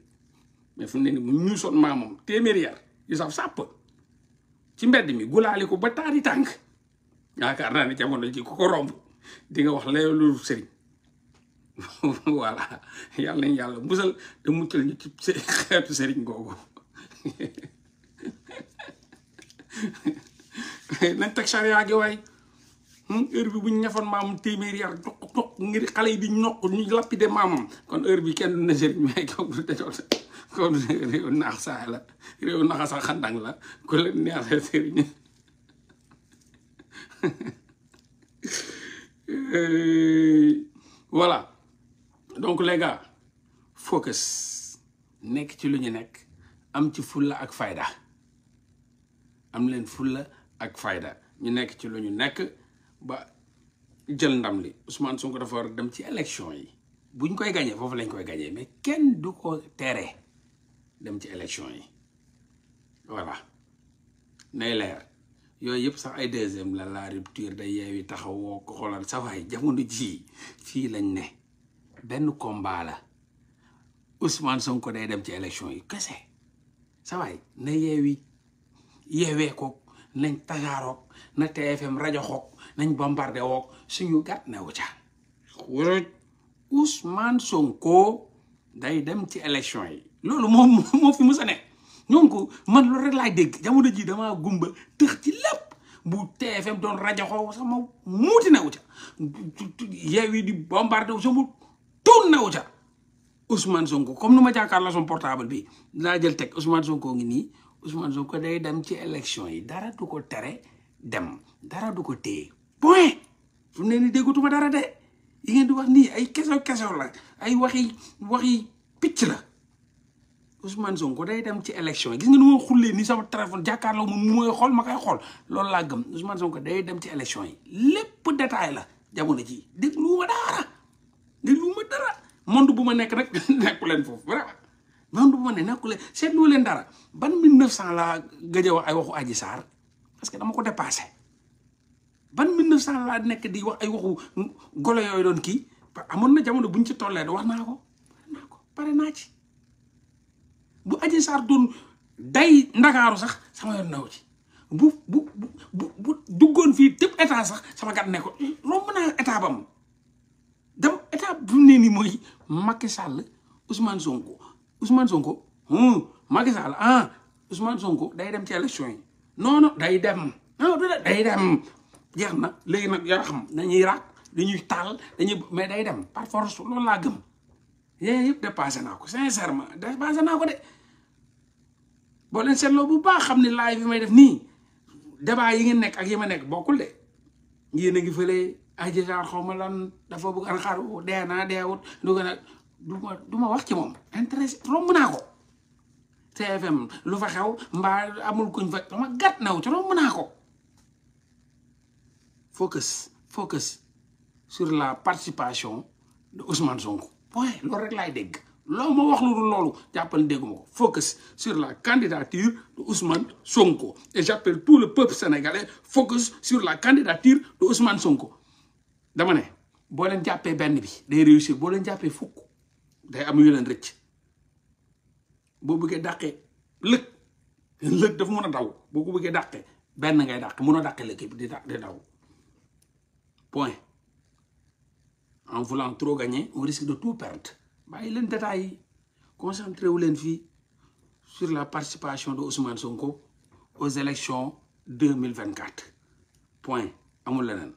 mais fu mu ne nii mu ñuusoon maamam téeméeri yar yu saf sàpp mi gulaali ko ba taari tànk yaakaar naa ne jamono ji ku ko romb di nga wax layolu sëriñ voilà yàlla nañ yàlla musal da muccal ñu ci xeetu sëriñ googu nañ teg gi waay Hmm? heure bi bu ñafoon maamam téeméeri yar doq doq ngir xale yi di ñoq ñu lappide maamam kon heure bi kenn du na jëriñ mais kooku dañoo kon réew naax saa la réew naax sa xandang la ku leen donc les gars focus nekk ci lu ñu nekk am ci fulla ak fayda am leen fulla ak fayda ñu nekk ci lu ñu nekk ba jël ndam li Ousmane Sonko dafa war dem ci élection yi buñ koy gañee foofu lañ koy gañee mais kenn du ko tere dem ci élection yi voilà nay leer yooyu yëpp sax ay deuxième la la rupture day yeewi taxaw woo ko xoolal sa waay jamono ji fii lañ ne benn combat la Ousmane Sonko dem ci élection yi kese sa waay na yeewi yeewee koog nañ tasaaroog na TFM rajo xoog nañ bombardé woog suñu gàtt newu ca wuruj Ousmane day dem ci élection yi loolu moom moo fi mus a ne ñoom ko man loolu rek laay dégg jamono ji damaa gumba tëx ci lépp bu TFM doon rajo xaw sama muuti newu ca yeew yi di bombardé wu sama tuun newu ca Ousmane Sonko comme nu ma jàkkaar la son portable bi laa jël teg Ousmane Sonko ngi nii Ousmane Sonko day dem ci élection yi dara du ko tere dem dara du ko téye point fu mu ne nii déggatuma dara de yi ngeen di wax nii ay kesew kesew la ay waxi waxi picc la Ousmane Sonko day dem ci élection yi gis nga nu ma xullee nii sama téléphone jàkkaarloo mu mooy xool ma xool loolu laa gëm Ousmane Sonko day dem ci élection yi lépp détail la jamono ji dégluwuma dara dégluwuma dara monde bu ma nekk rek nekku leen foofu vraiment monde bu ma ne nekku leen seetlu leen dara ban 1900 laa gëj a wax ay waxu Adji Sarr parce que dama ko dépassé. ban 1900 laa nekk di wax ay waxu golo yooyu doon kii amoon na jamono buñ ci tollee wax naa ko wax naa ko pare naa ci bu Adji Sarr doon day ndakaaru sax sama yoon naw ci bu bu bu bu duggoon fii tëb état sax sama gat ne ko romb naa état bam dam état bu ne nii mooy Macky Sall Ousmane Sonko Ousmane Sonko Macky Sall ah Ousmane Sonko day dem ci élection yi non non day dem non day dem jeex na léegi nag yaa xam dañuy raak dañuy taal dañuy mais day dem par force loolu laa gëm yee yëpp dépassé naa ko sincèrement dépassé naa ko de boo leen seetloo bu baax xam ne live yi may def nii débat yi ngeen nekk ak yi ma nekk bokkul de a ngi fële Adji Sarr xaw ma lan dafa bëgg an xaar dee naa deewut du a du ma du ma wax ci moom intéressé romb naa ko TFM lu fa xew mbaa amul kuñ fa dama gàtt naw ci romb naa ko focus focus sur la participation de Ousmane Sonko point loolu rek laay dégg loomo ma wax lu loolu jàppal dégguma ko focus sur la candidature de Ousmane Sonko et j'appelle tout le peuple sénégalais focus sur la candidature de Ousmane Sonko dama ne boo leen jàppee benn bi day réussir boo leen jàppee fukk day am yu leen rëcc boo bëggee dàqee lëg lëg dafa mën a daw boo ko bëggee dàqee benn ngay dàq mun a dàqee lëg di daw point en voulant trop gagner on risque de tout perdre bàyyi leen détails yi concentré wu leen fii sur la participation de Ousmane Sonko aux élections deux mille vingt quatre point amul leneen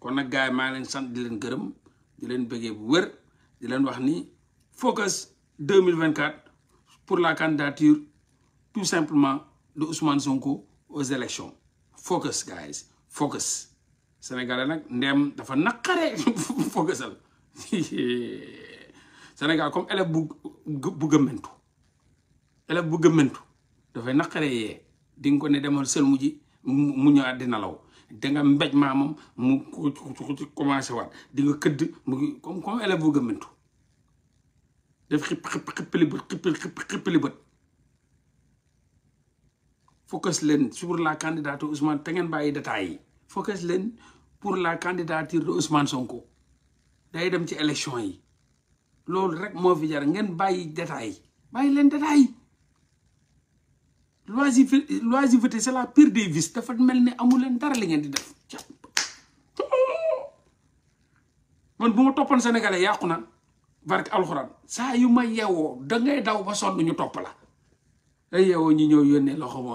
kon nag gars yi maa leen sant di leen gërëm di leen bëggee bu wër di leen wax ni focus deux mille vingt quatre pour la candidature tout simplement de Ousmane Sonko aux élections focus guys focus. sénégalais nag ndem dafa naqare fogasal sénégal comme élève bu bu gëmmentu élève bu gëmmentu dafay naqare yee di ko ne demal sël mu ji mu ñëwaat dina law danga mbéj maamam mu commencé waat di nga këdd mu comme comme élève bu gëmmentu def xip xip xippali bët xip xippali bët focus leen sur la candidature Ousmane te ngeen bàyyi détails yi focus leen pour la candidature de Ousmane Sonko day dem ci élection yi loolu rek moo fi jar ngeen bàyyi détail bàyyi leen détail loisiveté loisiveté c'est la pire des vices dafa mel ni amu leen dara li ngeen di def man bu ma toppoon sénégalais yàqu na barke alxuraan saa yu ma yeewoo da ngay daw ba sonn ñu topp la day yeewoo ñu ñëw yónnee loxo ma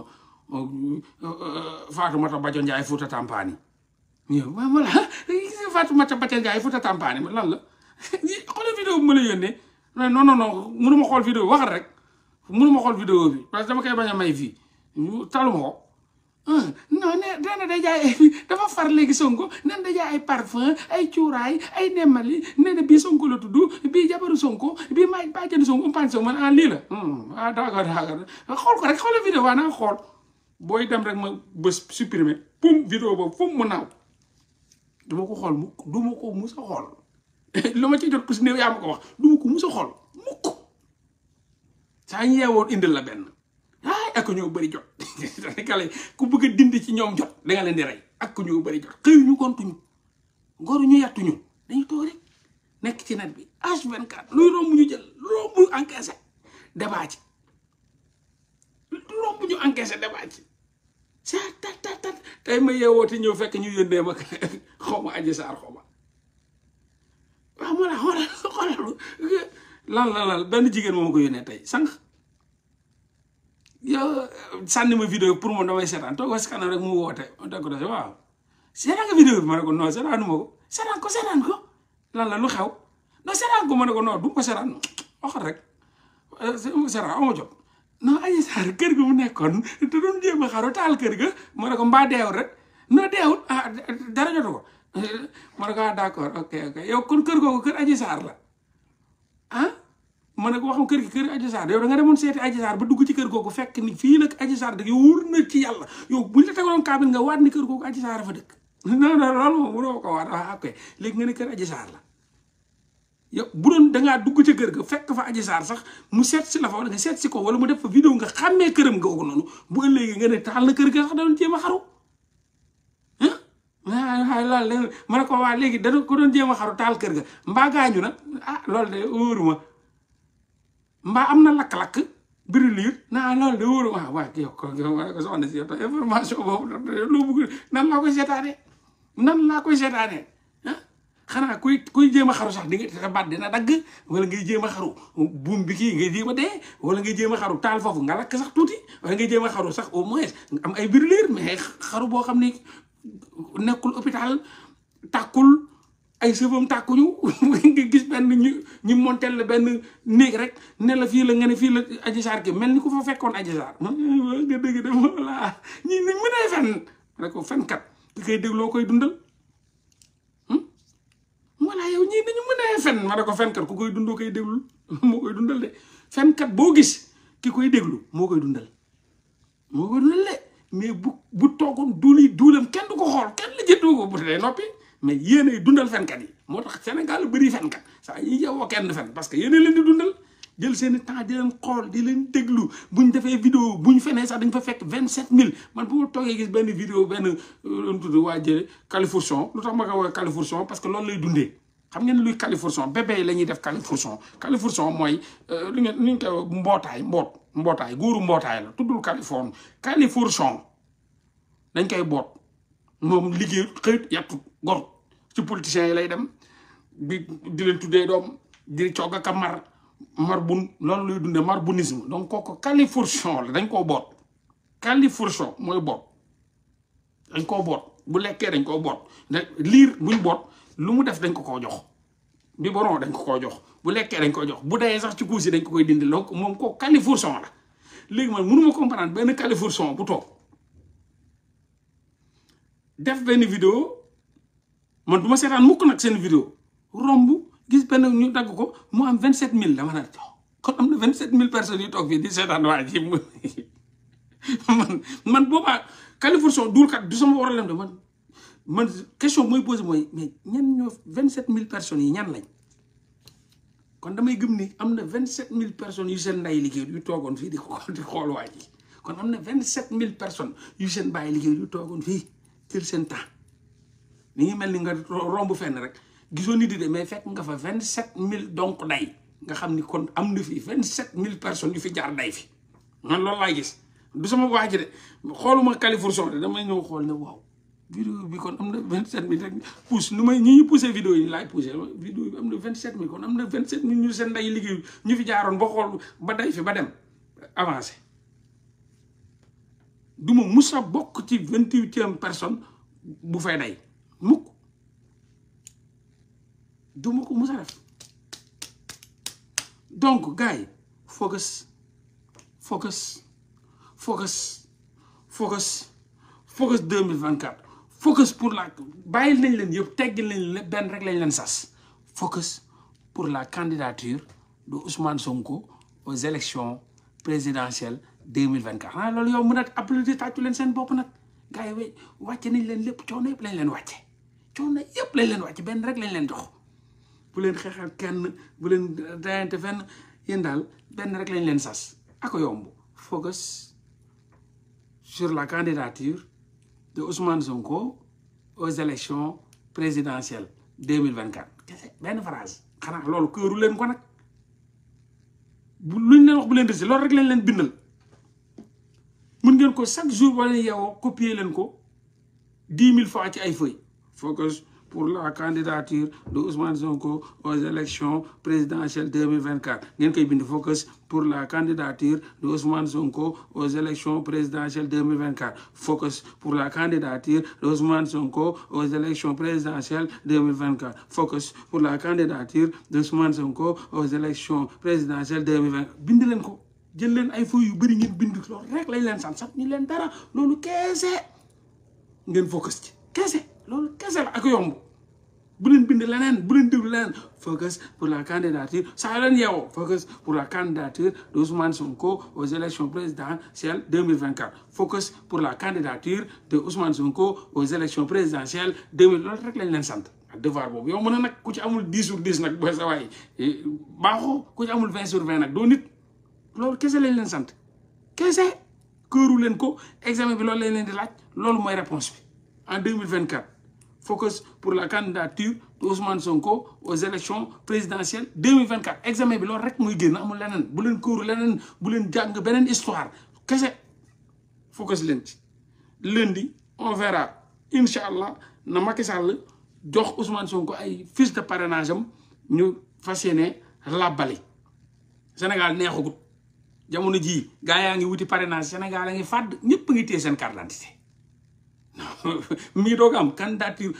Fatoumata Badio Ndiaye Fouta Tampani ñëw voilà ah, Fatoumata Badio Ndiaye Fouta Tampani lan la xoolal vidéo ma la yónnee non non non mënu ma xool vidéo waxal rek ma xool vidéo bi parce que dama koy a may fii taluma ko ah, non ne dana day jaay dafa far léegi sonko nan day jaay ay ay cuuraay ay na bii sonko la tudd bii jabaru sonko bii maay bàjjani sonko umpaañ sonko man ah lii hmm, ah, xool ko waa naa xool booy dem rek ma bës supprimer pum vidéo boobu pum mu naaw du ma ko xool mukk du ma ko mus a xool lu ma ci jot ku si néew yaa ma ko wax du ko mus xool mukk saa ñu yeewoon indil la benn ay ak ñoo bari jot sénégalais ku bëgg a dindi ci ñoom jot di rey ak ñoo bëri jot xëyuñu gontuñu ngoruñu yàttuñu dañu toog rek nekk ci net bi H24 luy ñu jël lu romb ñu encaissé débat ci lu romb ñu encaissé débat tey ma yeewooti ñëw fekk ñu yëndee ma xaw ma saar xaw waaw moo la xoolal xoolal la lan benn jigéen moom ko yónnee tey sànq yow sànni ma vidéo pour moom damay seetaan toog si kanam rek mu woote ma teg ko de waaw ne ko non seetaanu ko seetaan ma ne ko non du ma euh, jot non Adji Sarr kër gi mu nekkoon te doon jéem a xaru taal kër ga ma ne ko mbaa rek non deewul ah dara jotu ko ma ne ko ah d'accord yow kon kër googu kër Adji Sarr la ah ma ne ko kër gi kër Adji Sarr yow da dugg ci kër googu fekk ni fii nag Adji Sarr dëgg wóor na yow buñ la tegaloon kaabil nga waat kër googu Adji Sarr fa dëkk non non loolu moom mënoo ko waat ah ok léegi nga ne kër Adji Sarr la. yow bu doon dangaa dugg ca kër ga fekk fa Adji Sarr sax mu seet si la fa wala nga seet si ko wala mu def fa vidéo nga xàmmee këram googu noonu bu ëllëgee nga ne taal na kër ga sax da doon jéem a xaru ah loolu ma ne ko léegi da ko doon a xaru taal kër ga mbaa gaañu na ah loolu de wóoruma am na lakk-lakk brûlure naa loolu de wóoruma ah waaye yow soxna si yow information boobu loo bëgg nan laa koy seetaanee nan laa koy seetaanee xanaa kuy kuy jéem a xaru sax di nga sa baat dina dagg wala ngay jéem a xaru buum bi kii ngay jéem a dee wala ngay jéem a xaru taal foofu nga lakk sax tuuti wala ngay jéem a xaru sax au moins am ay brûlure mais xaru boo xam ne nekkul hôpital tàkkul ay sëfam tàkkuñu nga gis benn ñu ñu montel la benn néeg rek ne la fii la nga ne fii la Adji Sarr ki mel ni ku fa fekkoon Adji Sarr nga dëgg de voilà ñii ni mënee fen rek ko fenkat ki koy dégloo koy dundal voilà yow ñii dañu mën a fen ma ne ko fenkat ku koy dundoo koy déglu moo koy dundal de fenkat boo gis ki koy déglu moo koy dundal moo koy dundal de mais bu bu toogoon duuli duulam kenn du ko xool kenn la jëndoo ko bu dee noppi mais yéen ay dundal fenkat yi moo tax Sénégal bëri fenkat saa yi kenn fen parce que yéen leen di dundal jël seen temps di leen xool di leen déglu bu ñu defee vidéo bu ñu fenee sax dañ fa fekk vingt sept mille man bu ma toogee gis benn vidéo benn euh, tudd waa jële califourchon lu tax ma ko woowee califourchon parce que loolu lay dundee xam ngeen luy califourchon bébé la ñuy def califourchon califourchon mooy euh, lu ngeen lu ñu koy mbootaay mboot mbootaay góoru mbootaay la tuddul californe califourchon dañ koy boot moom liggéey xëyut yàttu gor ci politiciens yi lay dem bi di leen tuddee doom di cogg ak a mar marbun loolu luy dunde marbunisme donc kooku califourchon la dañ koo boot califourchon mooy boot dañ koo boot bu lekkee dañ koo boot liir buñ boot lu mu def dañ ko koo jox biberon dañ ko koo jox bu lekkee dañ ko jox bu dee sax ci couche yi dañ ko koy dindi donc moom kooku califourchon la léegi man mënuma comprendre benn califourchon bu toog def benn vidéo man du ma seetaan mukk nag seen vidéo romb gis benn ñu dagg ko mu am 27000 dama naan kon am na 27000 personnes yu toog fii di seetaan waa ji man man boobaa Kaliphone Sall duulkat du sama problème de man man question mooy posé mooy mais ñan ñoo 27000 personnes yi ñan lañ kon damay gëm ni am na 27000 personnes yu seen nday liggéey yu toogoon fii di xool di xool waa ji kon am na 27000 personnes yu seen bàyyi liggéey yu toogoon fii teel seen temps ni ngi mel ni nga romb fenn rek. gisoo nit yi de mais fekk nga fa vingt sept mille donc day nga xam ni kon am na fi vingt sept mille personnes yu fi jaar day fi man loolu laa gis du sama waa ji de xooluma Californie de damay ñëw xool ne waaw vidéo bi kon am na vingt sept mille rek pousse nu may ñi ñu poussé vidéo yi laay poussé vidéo bi am na vingt sept mille kon am na vingt sept mille ñu seen nday liggéey ñu fi jaaroon ba xool ba day fi ba dem avancé du ma mus a bokk ci vingt huitième personne bu fay day du ma ko mus a def donc gars yi focus focus focus focus focus 2024 pour la bàyyil nañ leen yëpp teggil nañ leen benn rek lañ leen sas focus pour la candidature du Ousmane Sonko aux élections présidentielles 2024 xanaa ah, loolu yow mën a applaudir tàccu leen seen bopp nag gars yi wàcce nañ leen lépp coono yëpp lañ leen wàcce coono yëpp lañ leen wàcce benn rek lañ leen jox bu leen xeexal kenn bu leen dayante eh, fenn yéen daal benn rek lañ leen sas ako yomb focus sur la candidature de Ousmane Sonko aux élections présidentielles 2024 kese benn phrase xanaa loolu këru leen ko nag bu luñ leen wax bu leen risi loolu rek lañ leen bindal mun ngeen ko chaque jour wala yow copier leen ko dix mille fois ci ay feuilles focus pour la candidature de Ousmane Sonko aux élections présidentielles 2024 ngeen koy bind focus pour la candidature de Ousmane Sonko aux élections présidentielles 2024 focus pour la candidature de Ousmane Sonko aux élections présidentielles 2024 focus pour la candidature de Ousmane Sonko aux élections présidentielles 2024 bind leen ko jël leen ay feuilles yu bëri ngeen bind loolu rek lañ leen sant sant ñu leen dara loolu keese ngeen focus ci keese loolu keese la ak yomb bu leen bind leneen bu leen déglu leneen focus pour la candidature saa leen yeewoo focus pour la candidature de Ousmane Sonko aux élections présidentielles 2024 focus pour la candidature de Ousmane Sonko aux élections présidentielles 2000 loolu rek lañ leen sant ak devoir boobu yow mën na nag ku ci amul 10 sur 10 nag booy sa waay eh, ku ci amul 20 sur 20 nag doo nit loolu kese lañ leen sant kese këru leen ko examen bi loolu lañ leen di loolu mooy réponse bi en 2024 focus pour la candidature d'Ousmane Sonko aux élections présidentielles 2024 examen bi loolu rek muy génn amul leneen bu leen kóoru leneen bu leen jàng beneen histoire kese focus leen ci lundi on verra incha allah na Macky Sall jox Ousmane Sonko ay fiche de parrainage am ñu fas yéene làbbali Sénégal neexagut jamono jii gaa yaa ngi wuti parrainage Sénégal a ngi fàdd ñëpp ngi téye seen carte d'identité mu ngi doog am candidature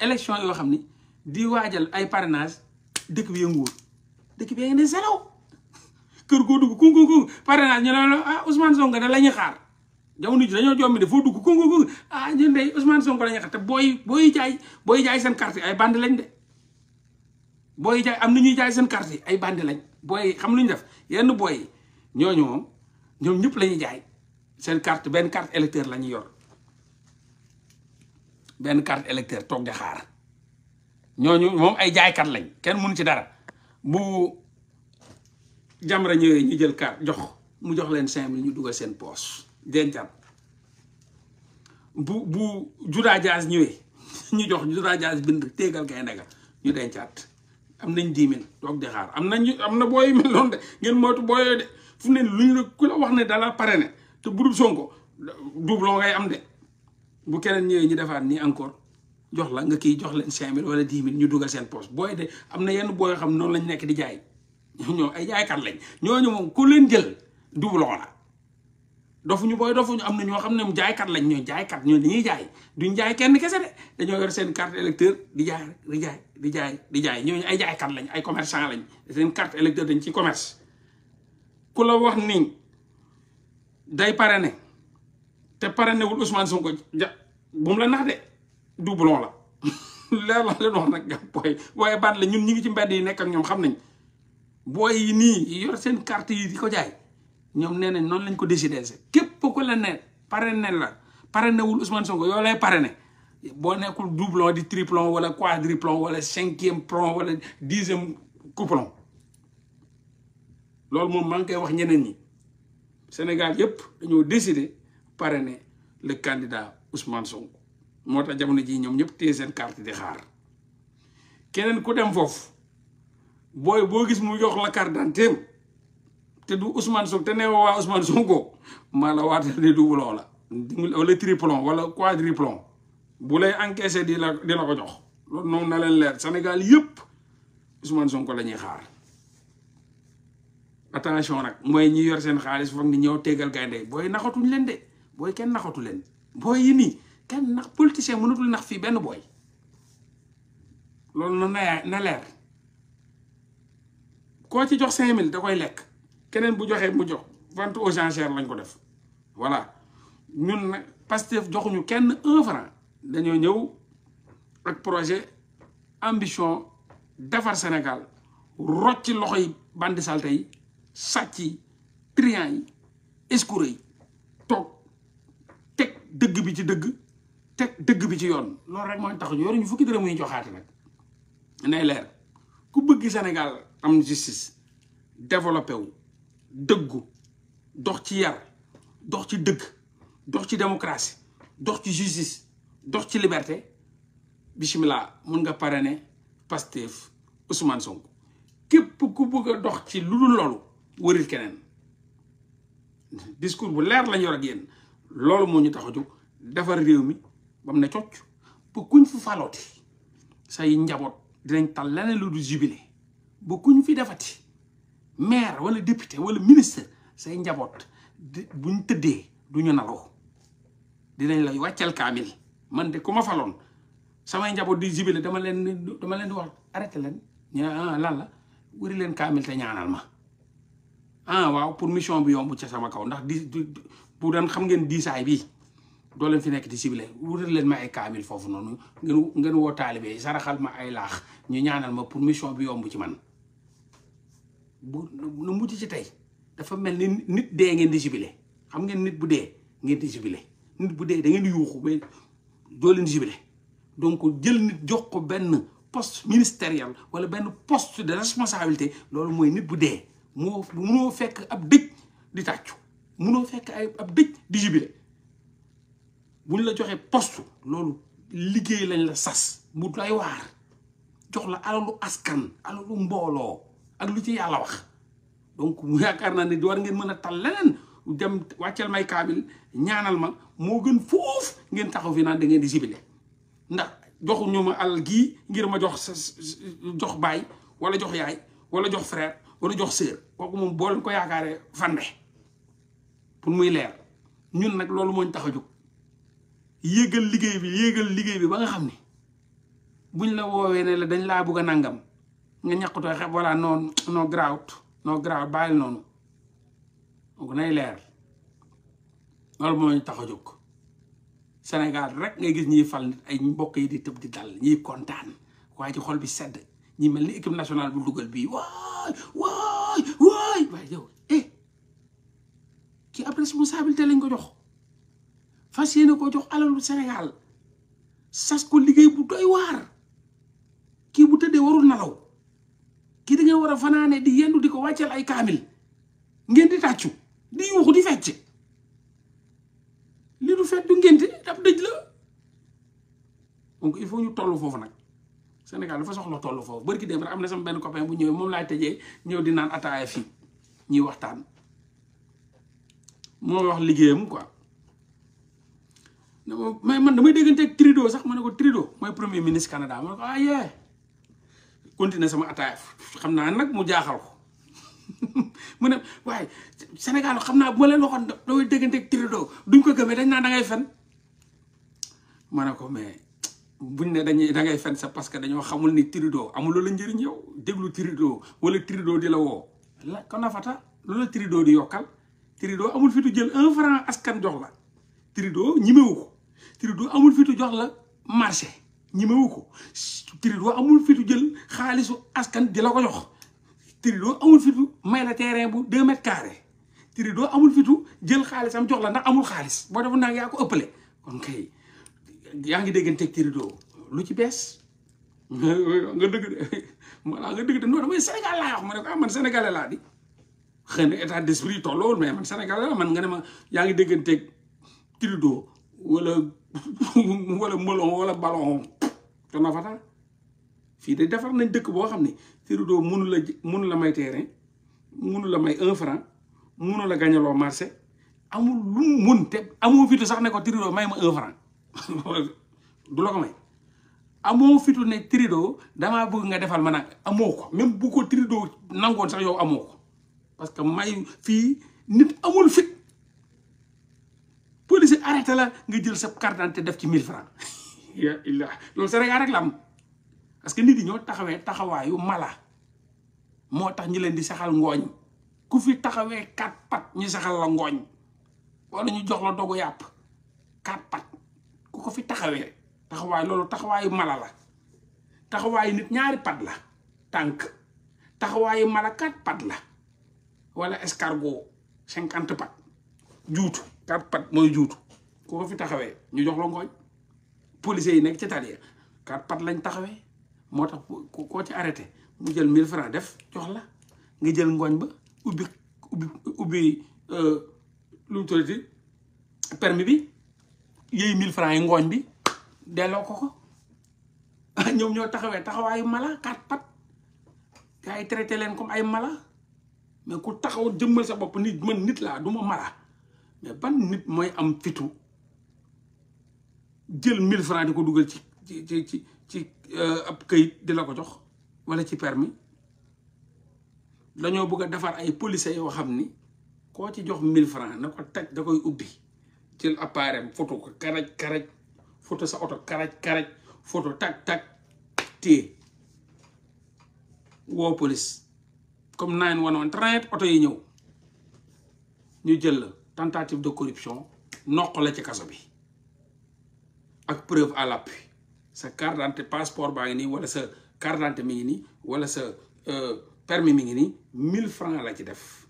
élection yoo xam ni di waajal ay parrainage dëkk bi yënguwul dëkk bi yëngu ne zéro kër goo dugg kungu kungu parrainage ñu la la ah Ousmane Sonko da la ñuy xaar jamono ji dañoo jombi de foo dugg kungu kungu ah ñun de Ousmane Sonko la xaar te booy booy jaay booy jaay seen carte ay bande lañ booy jaay am na ñuy jaay seen carte ay bande lañ booy xam lu ñu def yenn booy ñooñu moom ñoom ñëpp la ñuy jaay seen carte benn carte électeur la ñuy yor. benn carte électeur toog di xaar ñooñu moom ay jaaykat lañ kenn mënu ci dara bu Jamra ñëwee ñu jël carte jox mu jox leen cinq mille ñu dugal seen poos dencal bu bu Juda Diaz ñëwee ñu jox Juda Diaz bind téegal kay ndega ñu dencaat am nañ dix mille toog di xaar am nañ am na booy yu mel noonu de ngeen moytu booyoo de fu ne lu ñu la ku la wax ne dala pare ne te budul Sonko doublon ngay am de. bu keneen ñëwee ñu defaat ni encore jox la nga kii jox leen cinq mille wala dix mille ñu dugal seen poche booy de am na yenn booy yoo xam noonu lañ nekk di jaay ñoo ay jaaykat lañ ñooñu moom ku leen jël doublon la dofuñu booy dofuñu am na ñoo xam ne moom jaaykat lañ ñoo jaaykat ñoo dañuy jaay duñ jaay kenn kese de dañoo yor seen carte électeur di jaay di jaay di jaay di jaay ñooñu ay jaaykat lañ ay commerçant lañ seen carte électeur dañ ci commerce ku la wax ni day ne te parrainé wul Ousmane Sonko ko bu mu la nax de doublon la leer la leen wax nag booy waaye baan la ñun ñi ngi ci mbedd yi nekk ak ñoom xam nañ booy yi nii yor seen carte yi di ko jaay ñoom nee nañ noonu lañ ko décidé képp ko la ne parrainé la parrainé wul Ousmane ko yoo lay parrainé boo nekkul doublon di triplon wala quadruplon wala cinquième plon wala dixième couplon loolu moom maa ngi koy wax ñeneen ñi Sénégal yëpp dañoo décidé. parrainé le candidat Ousmane Sonko moo tax jamono jii ñoom ñëpp téye seen carte di xaar keneen ku dem foofu booy boo gis mu jox la carte d'identité te du Ousmane Sonko te nee waa Ousmane Sonko maa la waatal ne la wala triplon wala quadriplon bu lay encaissé di la la ko jox loolu noonu na leen leer Sénégal yëpp Ousmane Sonko la xaar attention nag mooy ñi yor seen xaalis foog ni ñëw tegal gaynde booy naxatuñ leen de booy kenn naxatu leen booy yi nii kenn nax politicien mënatul nax fii benn booy loolu na na leer koo ci jox cinq mille da koy lekk keneen bu joxee mu jox vente aux enchères lañ ko def voilà ñun nag Pastef joxuñu kenn un franc dañoo ñëw ak projet ambition defar Sénégal rocc loxo yi bandi salte yi sàcc yi triant yi escroc yi dëgg bi ci dëgg teg dëgg bi ci yoon loolu rek mooy tax yoruñu fukki dërëm muy joxaate nag nay leer ku bëgg Sénégal am justice développé wu dëggu dox ci yar dox ci dëgg dox ci démocratie dox ci justice dox ci liberté bisimilah mun nga ne Pastef Ousmane Sonko képp ku bëgg a dox ci lu dul loolu wëril keneen discours bu leer lañ yor ak yéen loolu moo ñu tax a jóg defar réew mi ba mu ne cocc ba kuñ fu falooti say njaboot dinañ tal leneen lu du jubilé ba kuñ fi defati maire wala député wala ministre say njaboot buñ tëddee du ñu dinañ lay wàccal kaamil man de ku ma faloon samay njaboot di jubilé dama leen dama leen di wax arrêté leen ñu ah, lan la wëri leen kaamil te ñaanal ma ah waaw pour mission bi yomb ca sama kaw ndax di pour doon xam ngeen diisaay bii doo leen fi nekk di ciblé wutal leen ma ay kaamil foofu noonu ngeen ngeen woo taalibe yi saraxal ma ay laax ñu ñaanal ma pour mission bi yomb ci man bu nu mujj ci tey dafa mel ni nit dee ngeen di ciblé xam ngeen nit bu dee ngeen di ciblé nit bu dee da ngeen di yuuxu mais doo donc jël nit jox ko benn post ministériel wala benn poste de responsabilité loolu mooy nit bu dee moo munoo fekk ab dëj di tàccu munoo fekk ay ab dëj di jubile buñ la joxee post loolu liggéey lañ la sas mu ay waar jox la alalu askan alalu mbooloo ak lu ci yàlla wax donc yaakaar naa ne war ngeen mën a tal leneen dem wàccel may kaamil ñaanal ma moo gën foofu ngeen taxaw fi naan da ngeen di jubile ndax joxuñu ma alal gii ngir ma jox jox baay wala jox yaay wala jox frère wala jox sœur kooku moom boo ko yaakaaree fande pour muy leer ñun nag loolu moo ñu tax a jóg yéegal liggéey bi yéegal liggéey bi ba nga xam ni buñ la woowee ne la dañ laa bugg a nangam nga ñàkkutoo xeeb voilà non non grawut non noonu donc nay leer loolu moo ñu tax a Sénégal rek ngay gis ñiy fal nit ay mbokk yi di tëb di dal ñiy kontaan waaye ci xol bi sedd ñi mel ni équipe nationale bu dugal bii waay waay waay responsabilité lañ ko jox fas yéene ko jox alalu Sénégal sas ko liggéey bu doy waar kii bu tëddee warul nalaw kii da war a fanaane di yendu di ko wàcceel ay kaamil ngeen di tàccu di yuuxu di fecc li du fet du ngénte daf dëj la donc il faut ñu toll foofu nag Sénégal dafa soxla toll foofu bërki dem rek am na sama benn copain bu ñëwee moom laay tëjee ñëw di naan ataaya fii ñuy waxtaan moo wax liggéeyam quoi mais man damay dégganteeg Trudeau sax ma ne ko Trudeau mooy premier ministre Canada ma ne ko ah yee continuer sama attaque xam naa nag mu jaaxal ko mu ne waaye Sénégal xam naa bu ma leen waxoon damay dégganteeg Trudeau duñ ko gëmee dañ naa da ngay fen ma ne ko mais buñ ne dañuy da ngay fen sax parce que dañoo xamul ni Trudeau amuloo la njëriñ yow déglu Trudeau wala Trudeau di la woo la kon na fata la Trudeau di yokkal Trudeau amul fitu jël un franc askan jox la Trudeau ñimewu ko Trudeau amul fitu jox la marché ñimewu ko Trudeau amul fitu jël xaalisu askan di la ko jox Trudeau amul fitu may la terrain bu deux mètres carrés Trudeau amul fitu jël xaalisam jox la ndax amul xaalis boo defoon naa yaa ko ëppale kon kay yaa ngi dégganteeg Trudeau lu ci bees nga dëgg de maanaam nga dëgg de non damay Sénégal laa wax ma ne ko ah man sénégalais laa di. xëy na état d'esprit tolloowul mais man Sénégalais la man nga ne ma yaa ngi dégganteeg Trudeau wala wala melon wala ballon te na fii de defar nañ dëkk boo xam ne Trudeau mënu la mënu la may terrain mënu la may un franc mënu la gañaloo marché amul lu mu mën te amoo fitu sax ne ko Trudeau may ma un franc du la ko may amoo fitu ne Trudeau damaa bëgg nga defal ma nag amoo ko même bu ko Trudeau nangoon sax yow amoo ko parce que may fii nit amul fit policier arrêté la nga jël sa carte d'identité def ci 1000 francs ya illah loolu Sénégal rek la am parce que nit yi ñoo taxawee taxawaayu mala moo tax ñu leen di saxal ngooñ ku fi taxawee quatre pat ñu saxal la ngooñ wala ñu jox la dogu yàpp quatre pat ku ko fi taxawee taxawaay loolu taxawaayu mala la taxawaayu nit ñaari pat la tànk taxawaayu mala quatre pat la wala escargot cinquante pat juutu quatre pat mooy juutu ku ko fi taxawee ñu jox la ngooñ policiers yi nekk ci tali quatre pat lañ taxawee moo tax koo ci arrêté mu jël mille francs def jox la nga jël ngooñ ba ubbi ubbi euh, lu mu tuddati bi yëy mille francs yi ngooñ bi delloo ko ko ñoom ñoo taxawee taxawaayu mala quatre pat gars yi traité leen comme ay mala mais ku taxaw jëmmal sa bopp nit man nit laa du ma mala mais ban nit mooy am fitu jël 1000 francs di ko dugal ci ci ci ci euh, ab kayit di la ko jox wala ci permi dañoo bëgg a defar ay policiers yoo xam ni koo ci jox mille francs na ko taj da koy ubbi jël appareil am photo ko karaj karaj photo sa oto karaj karaj photo tak tak téye woo police comme nine wanoon traite oto yi ñëw ñu jël la tentative de corruption noq la ci kaso bi ak preuve à l'appui sa carte d'identité passeport baa ngi nii wala sa carte mi ngi nii wala sa euh, permis mi ngi nii mille francs la ci def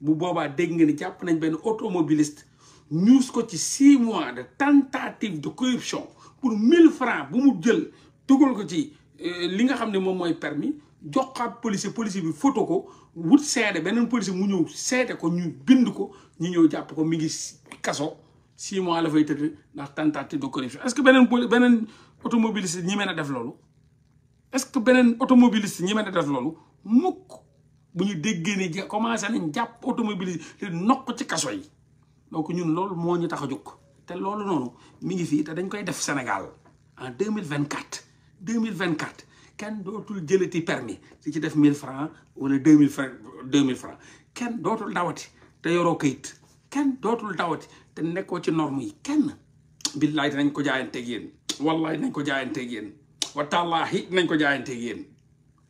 bu boobaa dégg nga ni jàpp nañ benn automobiliste ñuus ko ci six mois de tentative de corruption pour mille francs bu mu jël dugal ko ci euh, li nga xam ne moom mooy permis jox joxaat policier policier bi photo ko wut seede beneen policier mu ñëw seede ko ñu bind ko ñu ñëw jàpp ko mi ngi kaso six mois la fay tëdd ndax tentative de corruption est-ce que beneen poli beneen automobiliste ñi mën a def loolu est-ce que beneen automobiliste ñi mën a def loolu mukk bu ñu déggee ne commencé nañ jàpp automobiliste te nokk ci kaso yi donc ñun loolu moo ñu tax a jóg te loolu noonu mi ngi fii te dañ koy def Sénégal en deux mille vingt quatre deux mille vingt quatre kenn dootul jëlati permis si ci def mille francs wala 2000 francs 2000 francs kenn dootul dawati te yoroo kayit kenn dootul dawati te nekkoo ci norme yi kenn billaay dinañ ko jaayanteeg yéen wallaay nañ ko jaayanteeg yéen wa tallaahi nañ ko jaayanteeg yéen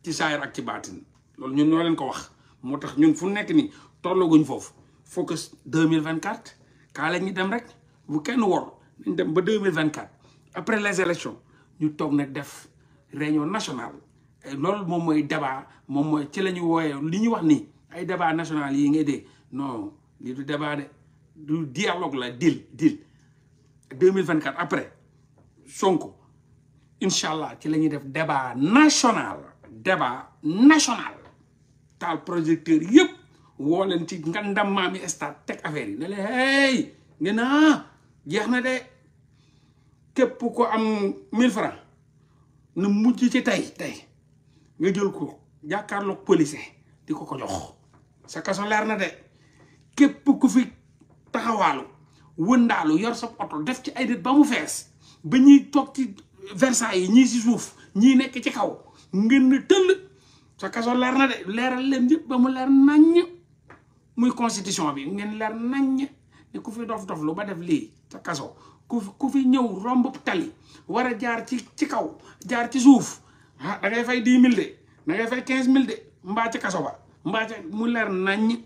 ci saayir ak ci baatin loolu ñun ñoo leen ko wax moo tax ñun fu nekk nii tollaguñ foofu mille focus 2024 kaa la ñi dem rek bu kenn wor nañ dem ba 2024 après les élections ñu toog nag def réunion national loolu moom mooy débat moom mooy ci la ñu wooyee li ñu wax ni ay débat national yi ngay dégg non lii du débat de du dialogue la deal deal 2024 après Sonko incha allah ci la ñuy def débat national débat national taal projecteur yëpp woo leen ci ngandam maami stade teg affaire yi ne leen hey ngeen ah, jeex na de képp ko am 1000 francs na mujj ci tey tey nga jël ko jàkkaarloog police di ko ko jox sa kaso leer na de képp ku fi taxawaalu wëndaalu yor sa oto def ci ay nit ba mu fees ba ñuy toog ci Versailles yi ñii si suuf ñii nekk ci kaw ngeen na tëll sa kaso leer na de leeral leen yëpp ba mu leer naññ muy constitution bi ngeen leer naññ ne ku fi dof dof lu ba def lii sa kaso ku ku fi ñëw romb tali war a jaar ci ci kaw jaar ci suuf ah da ngay fay dix mille de da ngay fay quinze mille de mbaa ci kaso ba mbaa ci mu leer naññ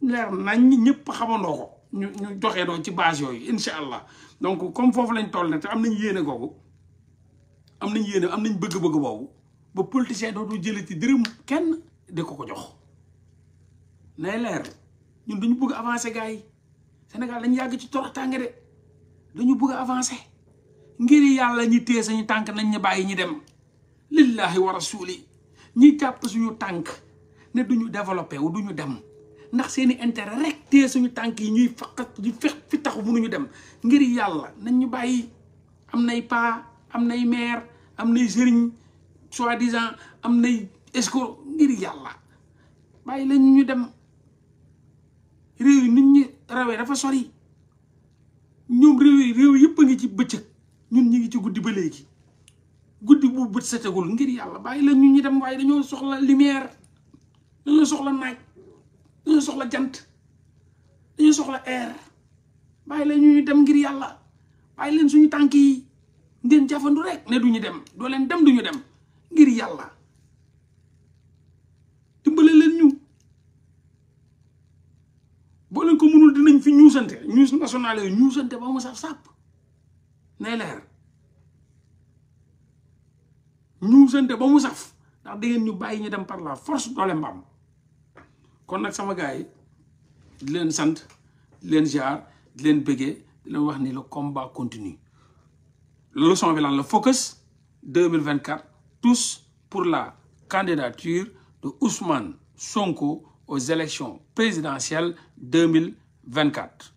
leer naññ ñëpp xamandoo ko ñu joxe doxee doon ci base yooyu incha allah donc comme foofu lañ toll ne te am nañ yéene googu am nañ yéene am nañ bëgg-bëgg boobu ba politicien dootu jëlee ci dërëm kenn di ko ko jox nay leer ñun duñu bugg avancer gars yi Sénégal dañ yàgg ci torox tànge de dañu bëgg a avancé ngir yàlla ñi téye sañu tànk nañ ñu bàyyi ñi dem lillahi wa rasuli ñi jàpp suñu tànk ne duñu développé wu duñu dem ndax seeni intérêt rek téye suñu tànk yi ñuy faq di fex fi taxu mënuñu dem ngir yàlla nañ ñu bàyyi am na nay paa am na nay maire am nay sëriñ soi-disant am nay escroc ngir yàlla bàyyi lañ ñu dem réew yi nit ñi rawee dafa sori ñoom réew réew yëpp a ngi ci bëccëg ñun ñu ngi ci guddi ba léegi guddi bu bët setagul ngir yàlla bàyyi la ñun ñu dem waaye dañoo soxla lumière dañoo soxla naaj dañoo soxla jant dañoo soxla air bàyyi la ñu dem ngir yàlla bàyyi leen suñu tànk yi ngeen jafandu rek ne du ñu dem doo leen dem ñu dem ngir yàlla boo leen ko mënul dinañ fi ñuusante ñuus national yooyu ñuusante ba mu saf sàpp nay leer ñuusante ba mu saf ndax da ngeen ñu bàyyi ñu dem par la force doole mbaam kon nag sama gars di leen sant di leen jaar di leen bëggee di leen wax ni le combat continue leçon bi lan la focus 2024 tous pour la candidature de Ousmane Sonko aux élections présidentielles 2024